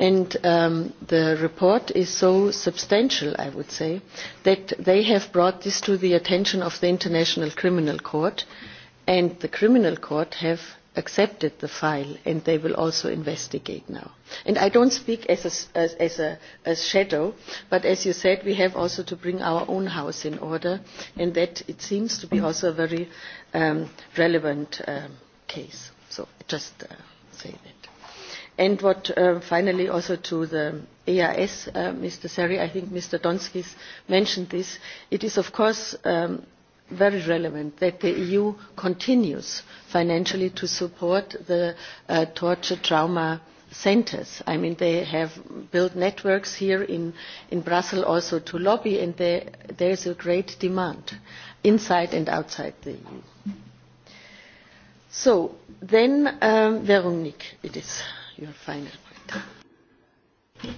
And the report is so substantial, I would say, that they have brought this to the attention of the International Criminal Court and the Criminal Court have accepted the file and they will also investigate now. And I don't speak as a shadow, but as you said, we have also to bring our own house in order, and that it seems to be also a very relevant case. So just say that. And what finally also to the EIS, Mr. Seri, I think Mr. Donskis mentioned this. It is of course very relevant that the EU continues financially to support the torture trauma centres. I mean, they have built networks here in Brussels also to lobby, and there is a great demand inside and outside the EU. So, then, Veronique, it is your final point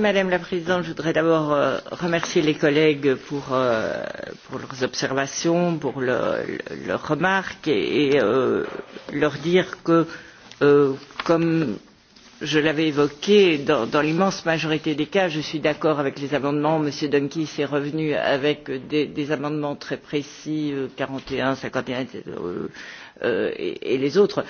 madame la présidente je voudrais d'abord remercier les collègues pour leurs observations pour leurs remarques et leur dire que comme je l'avais évoqué dans l'immense majorité des cas je suis d'accord avec les amendements. m. donskis est revenu avec des amendements très précis quarante et un cinquante et un et les autres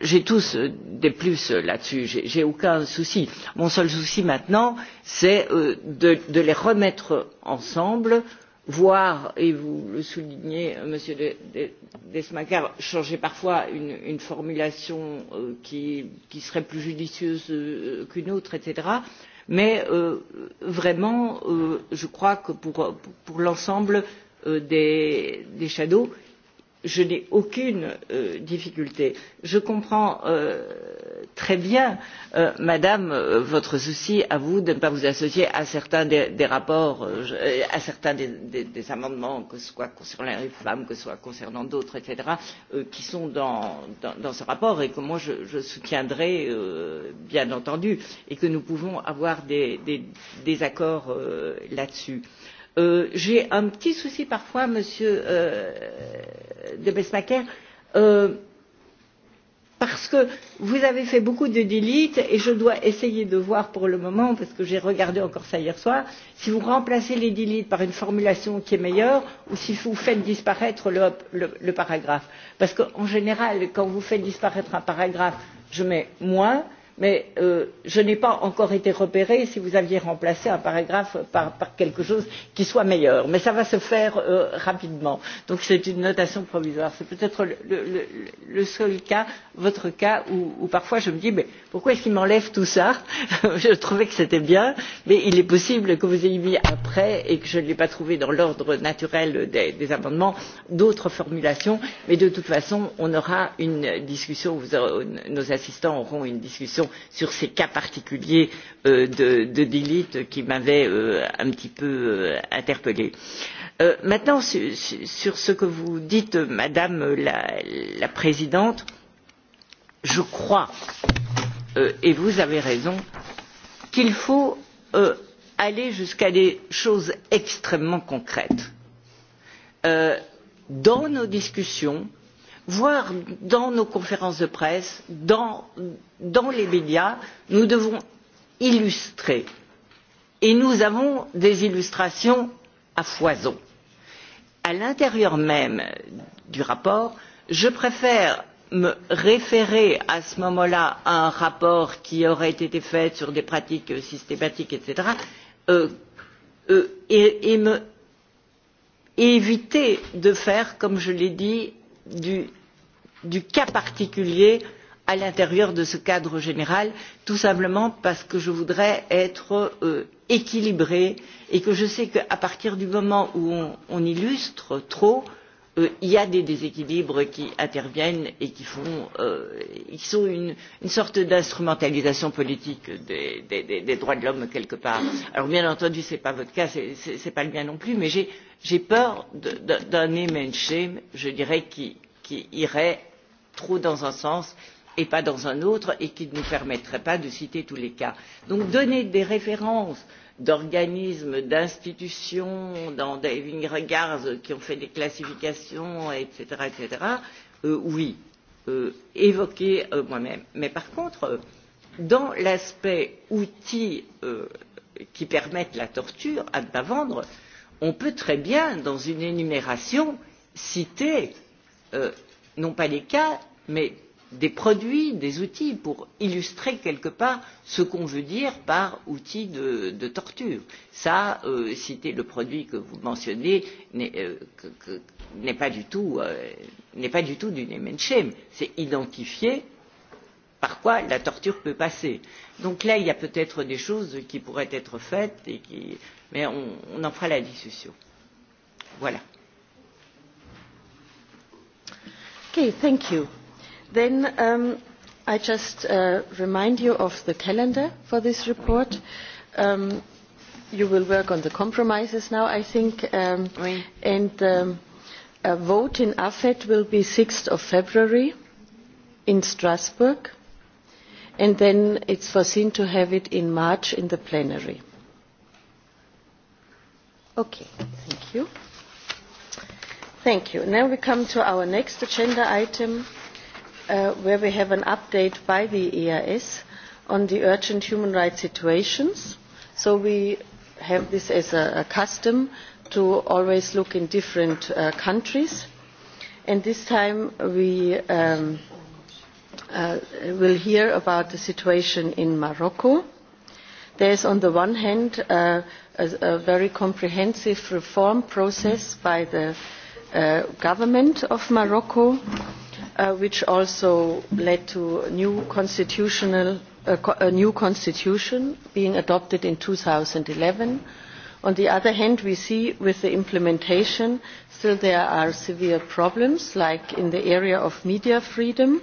j'ai tous des plus là dessus je n'ai aucun souci. mon seul souci maintenant c'est de les remettre ensemble voir et vous le soulignez monsieur Desmacker, changer parfois une formulation qui serait plus judicieuse qu'une autre etc. mais vraiment je crois que pour l'ensemble des shadows je n'ai aucune difficulté. je comprends très bien madame votre souci à vous de ne pas vous associer à certains des rapports à certains des amendements que ce soit concernant les femmes que ce soit concernant d'autres etc. qui sont dans ce rapport et que moi je soutiendrai bien entendu et que nous pouvons avoir des accords là dessus J'ai un petit souci parfois, Monsieur de Besmaquer, parce que vous avez fait beaucoup de delete et je dois essayer de voir pour le moment, parce que j'ai regardé encore ça hier soir, si vous remplacez les delete par une formulation qui est meilleure ou si vous faites disparaître le paragraphe. Parce qu'en général, quand vous faites disparaître un paragraphe, je mets moins mais je n'ai pas encore été repérée si vous aviez remplacé un paragraphe par quelque chose qui soit meilleur mais cela va se faire rapidement donc c'est une notation provisoire. c'est peut être le seul cas votre cas où parfois je me dis mais pourquoi est ce qu'il m'enlève tout cela? je trouvais que c'était bien mais il est possible que vous ayez mis après et que je ne l'ai pas trouvé dans l'ordre naturel des amendements d'autres formulations mais de toute façon on aura une discussion nos assistants auront une discussion sur ces cas particuliers de delete qui m'avaient un petit peu interpellée. Maintenant, sur ce que vous dites, Madame la Présidente, je crois et vous avez raison qu'il faut aller jusqu'à des choses extrêmement concrètes. Dans nos discussions, voire dans nos conférences de presse dans les médias nous devons illustrer et nous avons des illustrations à foison. à l'intérieur même du rapport je préfère me référer à ce moment là à un rapport qui aurait été fait sur des pratiques systématiques etc. et éviter de faire comme je l'ai dit du cas particulier à l'intérieur de ce cadre général tout simplement parce que je voudrais être équilibrée et que je sais qu'à partir du moment où on illustre trop il y a des déséquilibres qui interviennent et qui sont une sorte d'instrumentalisation politique des droits de l'homme quelque part. alors bien entendu ce n'est pas votre cas ce n'est pas le mien non plus mais j'ai peur d'un émenche, je dirais qui irait trop dans un sens et pas dans un autre et qui ne nous permettrait pas de citer tous les cas. donc donner des références d'organismes, d'institutions, dans David Regards qui ont fait des classifications, etc., etc., oui, évoqué moi-même. Mais par contre, dans l'aspect outils qui permettent la torture à ne pas vendre, on peut très bien, dans une énumération, citer non pas les cas, mais des produits, des outils pour illustrer quelque part ce qu'on veut dire par outil de torture. Ça, citer le produit que vous mentionnez n'est pas du tout du tout du shame. C'est identifier par quoi la torture peut passer. Donc là, il y a peut-être des choses qui pourraient être faites, et qui... mais on en fera la discussion. Voilà. Okay, thank you. Then I just remind you of the calendar for this report. You will work on the compromises now, I think, and a vote in AFET will be 6th of February in Strasbourg, and then it's foreseen to have it in March in the plenary. Okay, thank you. Thank you. Now we come to our next agenda item where we have an update by the EAS on the urgent human rights situations. So we have this as a custom to always look in different countries. And this time we will hear about the situation in Morocco. There is on the one hand a very comprehensive reform process by the government of Morocco which also led to a new constitution being adopted in 2011. On the other hand, we see with the implementation still there are severe problems, like in the area of media freedom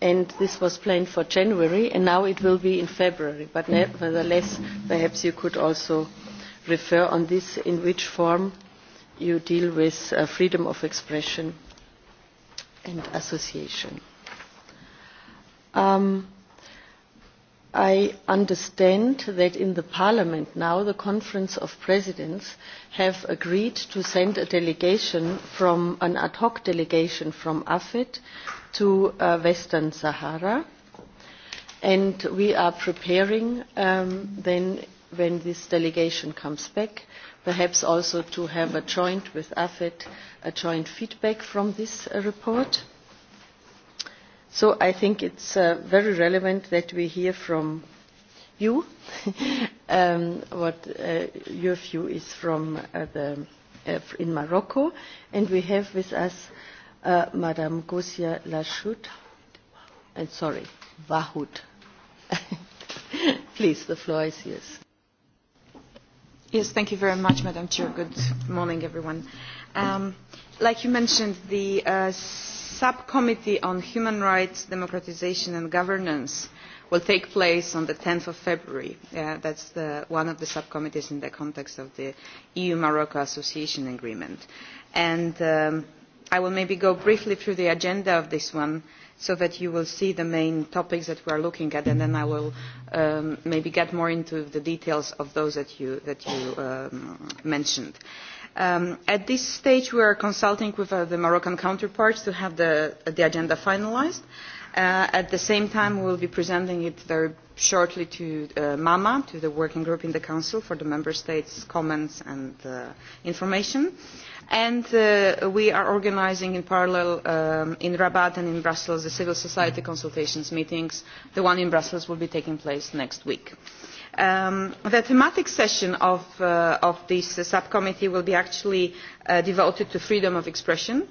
and this was planned for January, and now it will be in February. But nevertheless, perhaps you could also refer on this in which form you deal with freedom of expression and association. I understand that in the Parliament now the Conference of Presidents have agreed to send a delegation from an ad hoc delegation from AFET to Western Sahara. And we are preparing then when this delegation comes back, perhaps also to have a joint with AFET, a joint feedback from this report. So I think it's very relevant that we hear from you what your view is from in Morocco. And we have with us Madam Gosia Lachut sorry, Please, the floor is yours. Yes, thank you very much, Madam Chair. Good morning, everyone. Like you mentioned, the subcommittee on human rights, democratisation and governance will take place on the 10th of February. That's one of the subcommittees in the context of the EU-Morocco Association Agreement. And I will maybe go briefly through the agenda of this one so that you will see the main topics that we are looking at and then I will maybe get more into the details of those that you mentioned. At this stage we are consulting with the Moroccan counterparts to have the agenda finalised. At the same time we will be presenting it very shortly to MAMA, to the working group in the Council for the Member States' comments and information and we are organising in parallel in Rabat and in Brussels the civil society consultations meetings. The one in Brussels will be taking place next week. The thematic session of this subcommittee will be actually devoted to freedom of expression,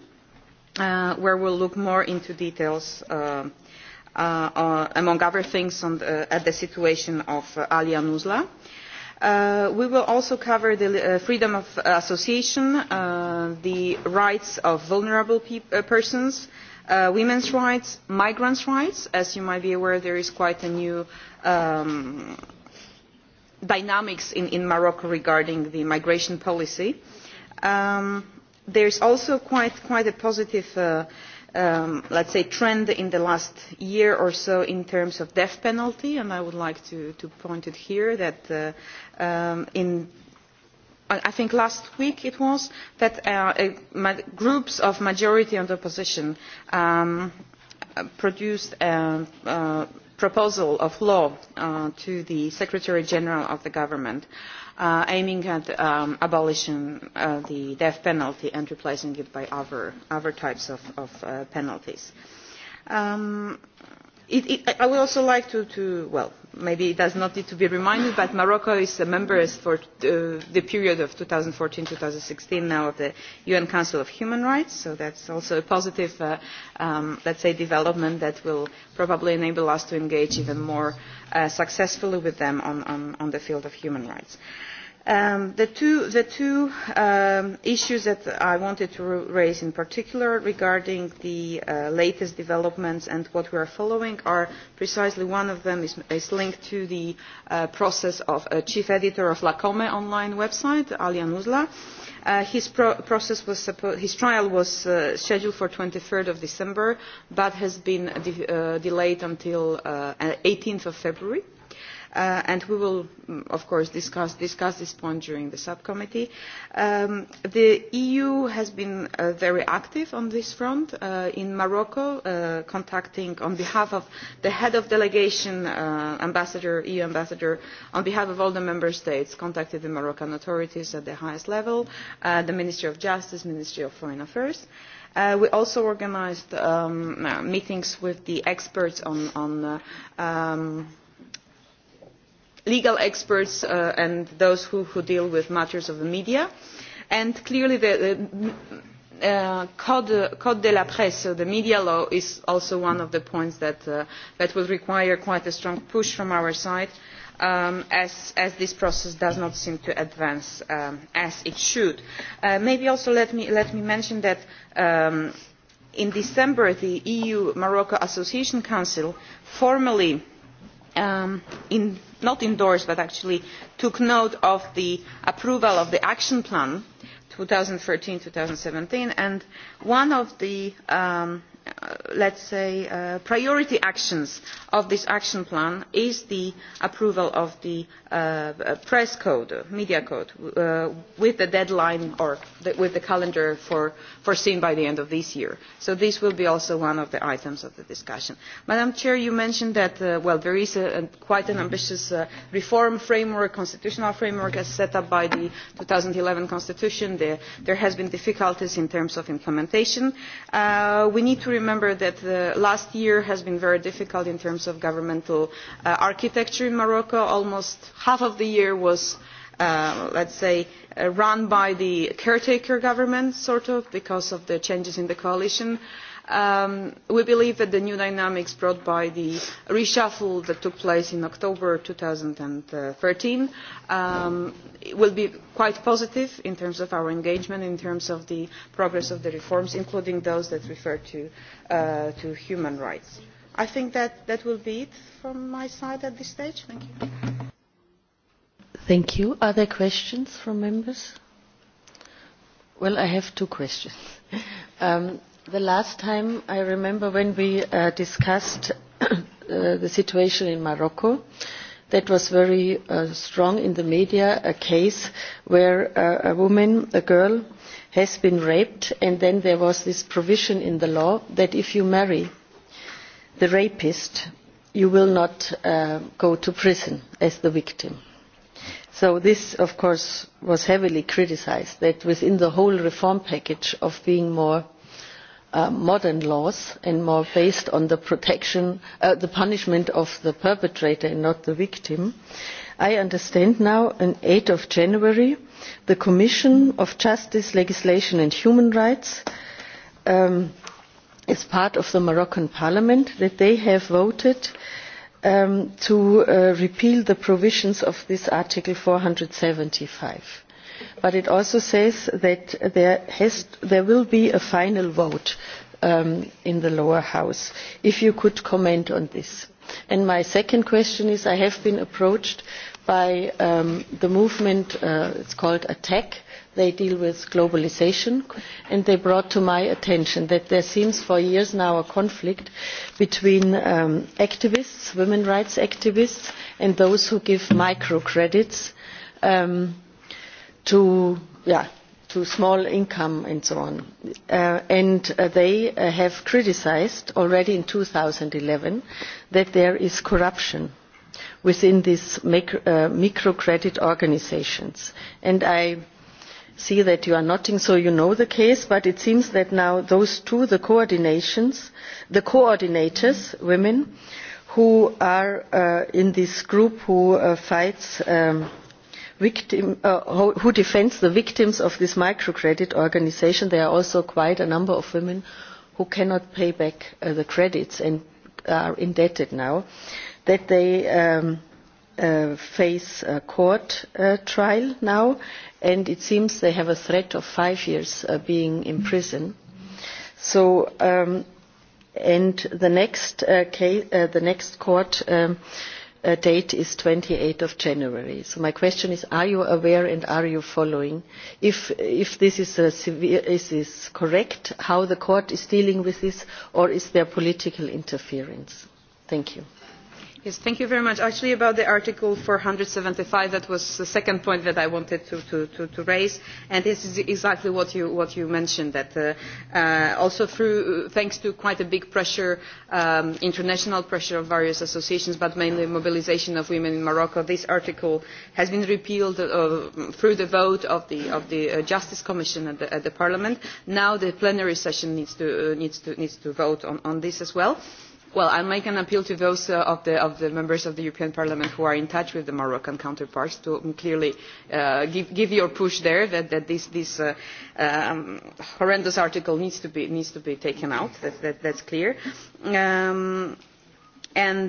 where we will look more into details among other things at the situation of Alia Nuzla We will also cover the freedom of association, the rights of vulnerable persons, women's rights, migrants' rights. As you might be aware, there is quite a new dynamics in Morocco regarding the migration policy. There is also quite a positive let's say, trend in the last year or so in terms of death penalty, and I would like to point it here that in I think last week it was that groups of majority and opposition produced a proposal of law to the Secretary General of the government aiming at abolishing the death penalty and replacing it by other types of penalties. I would also like to, well, maybe it does not need to be reminded but morocco is a member for the period of 2014 2016 now of the un council of human rights so that's also a positive let's say development that will probably enable us to engage even more successfully with them on the field of human rights The two issues that I wanted to raise in particular regarding the latest developments and what we are following are precisely one of them is linked to the process of chief editor of La online website, Ali Nuzla. His trial was scheduled for 23rd of December but has been delayed until 18th of February and we will of course discuss this point during the subcommittee. The EU has been very active on this front in Morocco, contacting on behalf of the head of delegation, ambassador, EU ambassador, on behalf of all the member states, contacted the Moroccan authorities at the highest level, the Ministry of Justice, Ministry of Foreign Affairs. We also organised meetings with the experts on legal experts and those who deal with matters of the media and clearly the code de la presse so the media law is also one of the points that will require quite a strong push from our side as this process does not seem to advance as it should. maybe also let me mention that in december the eu morocco association council formally in not endorsed but actually took note of the approval of the action plan 2013-2017 and one of the let's say priority actions of this action plan is the approval of the press code media code with the deadline or with the calendar foreseen by the end of this year so this will be also one of the items of the discussion. madam chair you mentioned that there is quite an ambitious reform framework constitutional framework as set up by the 2011 constitution. there has been difficulties in terms of implementation. we need to remember that the last year has been very difficult in terms of governmental architecture in Morocco. Almost half of the year was, let's say, run by the caretaker government, sort of, because of the changes in the coalition We believe that the new dynamics brought by the reshuffle that took place in October 2013 will be quite positive in terms of our engagement, in terms of the progress of the reforms, including those that refer to human rights. I think that that will be it from my side at this stage. Thank you. Thank you. Are there questions from members? Well, I have two questions the last time I remember when we discussed the situation in Morocco, that was very strong in the media, a case where a woman, a girl, has been raped and then there was this provision in the law that if you marry the rapist, you will not go to prison as the victim. So this, of course, was heavily criticised, that within the whole reform package of being more modern laws and more based on the the punishment of the perpetrator and not the victim i understand now on eight january the commission of justice legislation and human rights as part of the moroccan parliament that they have voted to repeal the provisions of this article four hundred and seventy five but it also says that there will be a final vote in the lower house if you could comment on this and my second question is i have been approached by the movement it's called attack they deal with globalisation. and they brought to my attention that there seems for years now a conflict between activists women rights activists and those who give microcredits to to small income and so on. And they have criticized already in 2011 that there is corruption within these microcredit organizations. And I see that you are nodding, so you know the case, but it seems that now those two, the coordinations, the coordinators, women, who are in this group who fights who defends the victims of this microcredit organisation. There are also quite a number of women who cannot pay back the credits and are indebted now, that they face a court trial now and it seems they have a threat of five years being in prison. So and the next court date is 28 eight of January. So my question is, are you aware and are you following? If this is correct, how the court is dealing with this, or is there political interference? Thank you. Yes, thank you very much. Actually, about the Article 475, that was the second point that I wanted to raise, and this is exactly what you mentioned, that also through, thanks to quite a big pressure, international pressure of various associations, but mainly mobilisation of women in Morocco, this article has been repealed through the vote of the Justice Commission at the Parliament. Now the plenary session needs to vote on this as well Well, I make an appeal to those of the members of the European Parliament who are in touch with the Moroccan counterparts to clearly give your push there that this horrendous article needs to be taken out. That's clear. And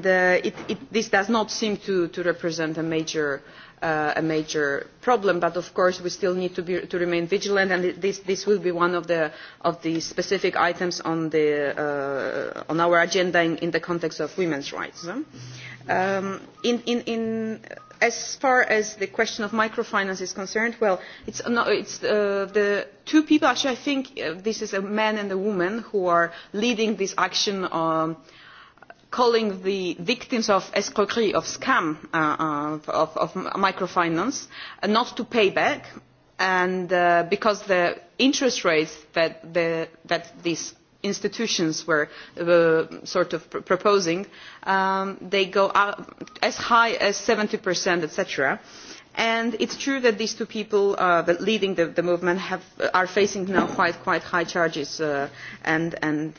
this does not seem to represent a major a major problem but of course we still need to remain vigilant and this will be one of the specific items on our agenda in the context of women's rights. as far as the question of microfinance is concerned well it's the two people actually i think this is a man and a woman who are leading this action on calling the victims of escroquerie of scam of microfinance not to pay back and because the interest rates that these institutions were sort of proposing they go as high as 70% etc and it's true that these two people leading the movement are facing now quite quite high charges and and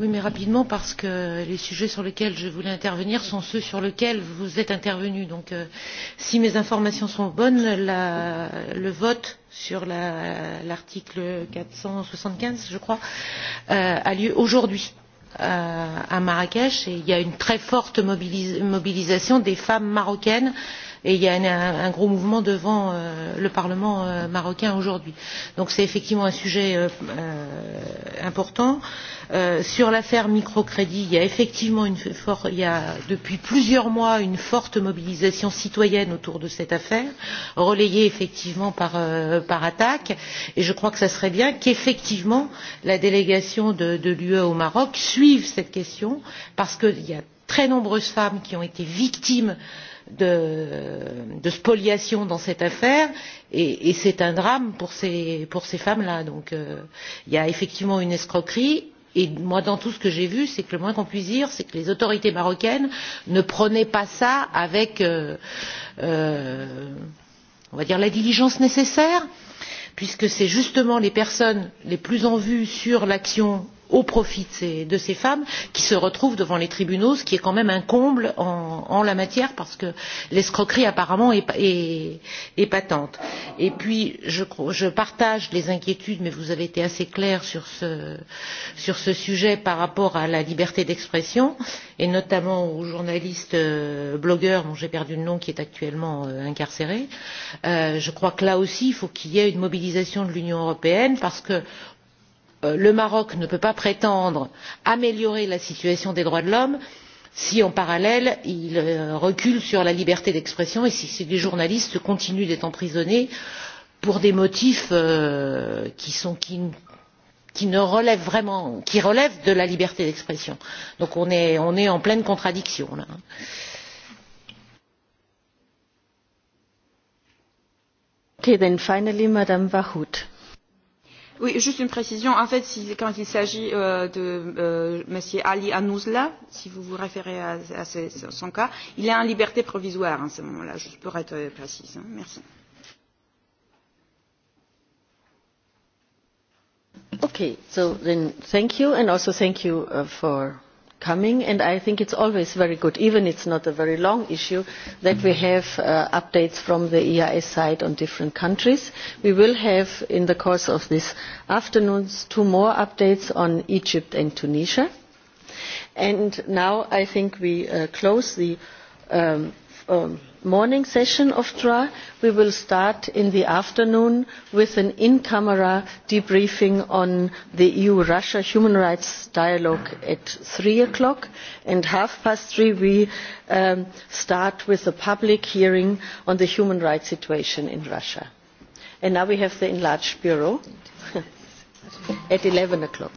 Oui, mais rapidement, parce que les sujets sur lesquels je voulais intervenir sont ceux sur lesquels vous êtes intervenu. Donc, si mes informations sont bonnes, le vote sur l'article 475, je crois, a lieu aujourd'hui à Marrakech. Et il y a une très forte mobilisation des femmes marocaines et il y a un gros mouvement devant le Parlement marocain aujourd'hui. Donc c'est effectivement un sujet important. Sur l'affaire microcrédit, il y a effectivement une il y a depuis plusieurs mois une forte mobilisation citoyenne autour de cette affaire, relayée effectivement par attaque, et je crois que ce serait bien qu'effectivement la délégation de l'UE au Maroc suive cette question, parce qu'il y a très nombreuses femmes qui ont été victimes de spoliation dans cette affaire et c'est un drame pour ces femmes là. donc il y a effectivement une escroquerie et moi dans tout ce que j'ai vu c'est que le moins qu'on puisse dire c'est que les autorités marocaines ne prenaient pas ça avec on va dire la diligence nécessaire puisque c'est justement les personnes les plus en vue sur l'action au profit de ces femmes qui se retrouvent devant les tribunaux ce qui est quand même un comble en la matière parce que l'escroquerie apparemment est patente. et puis je partage les inquiétudes mais vous avez été assez clair sur ce sujet par rapport à la liberté d'expression et notamment aux journalistes blogueurs dont j'ai perdu le nom qui est actuellement incarcéré. je crois que là aussi il faut qu'il y ait une mobilisation de l'union européenne parce que le maroc ne peut pas prétendre améliorer la situation des droits de l'homme si en parallèle il recule sur la liberté d'expression et si des journalistes continuent d'être emprisonnés pour des motifs qui relèvent de la liberté d'expression. donc on est en pleine contradiction là. Oui, juste une précision. En fait, si, quand il s'agit euh, de euh, M. Ali Anouzla, si vous vous référez à, à ce, son cas, il est en liberté provisoire en ce moment-là, juste pour être précise. Hein. Merci. Okay, so then thank you and also thank you uh, for coming and i think it is always very good even if it is not a very long issue that we have updates from the EIS side on different countries. we will have in the course of this afternoon two more updates on egypt and tunisia and now i think we close the morning session of DRA. We will start in the afternoon with an in-camera debriefing on the EU-Russia human rights dialogue at 3 o'clock. And half past three we start with a public hearing on the human rights situation in Russia. And now we have the enlarged bureau at 11 o'clock.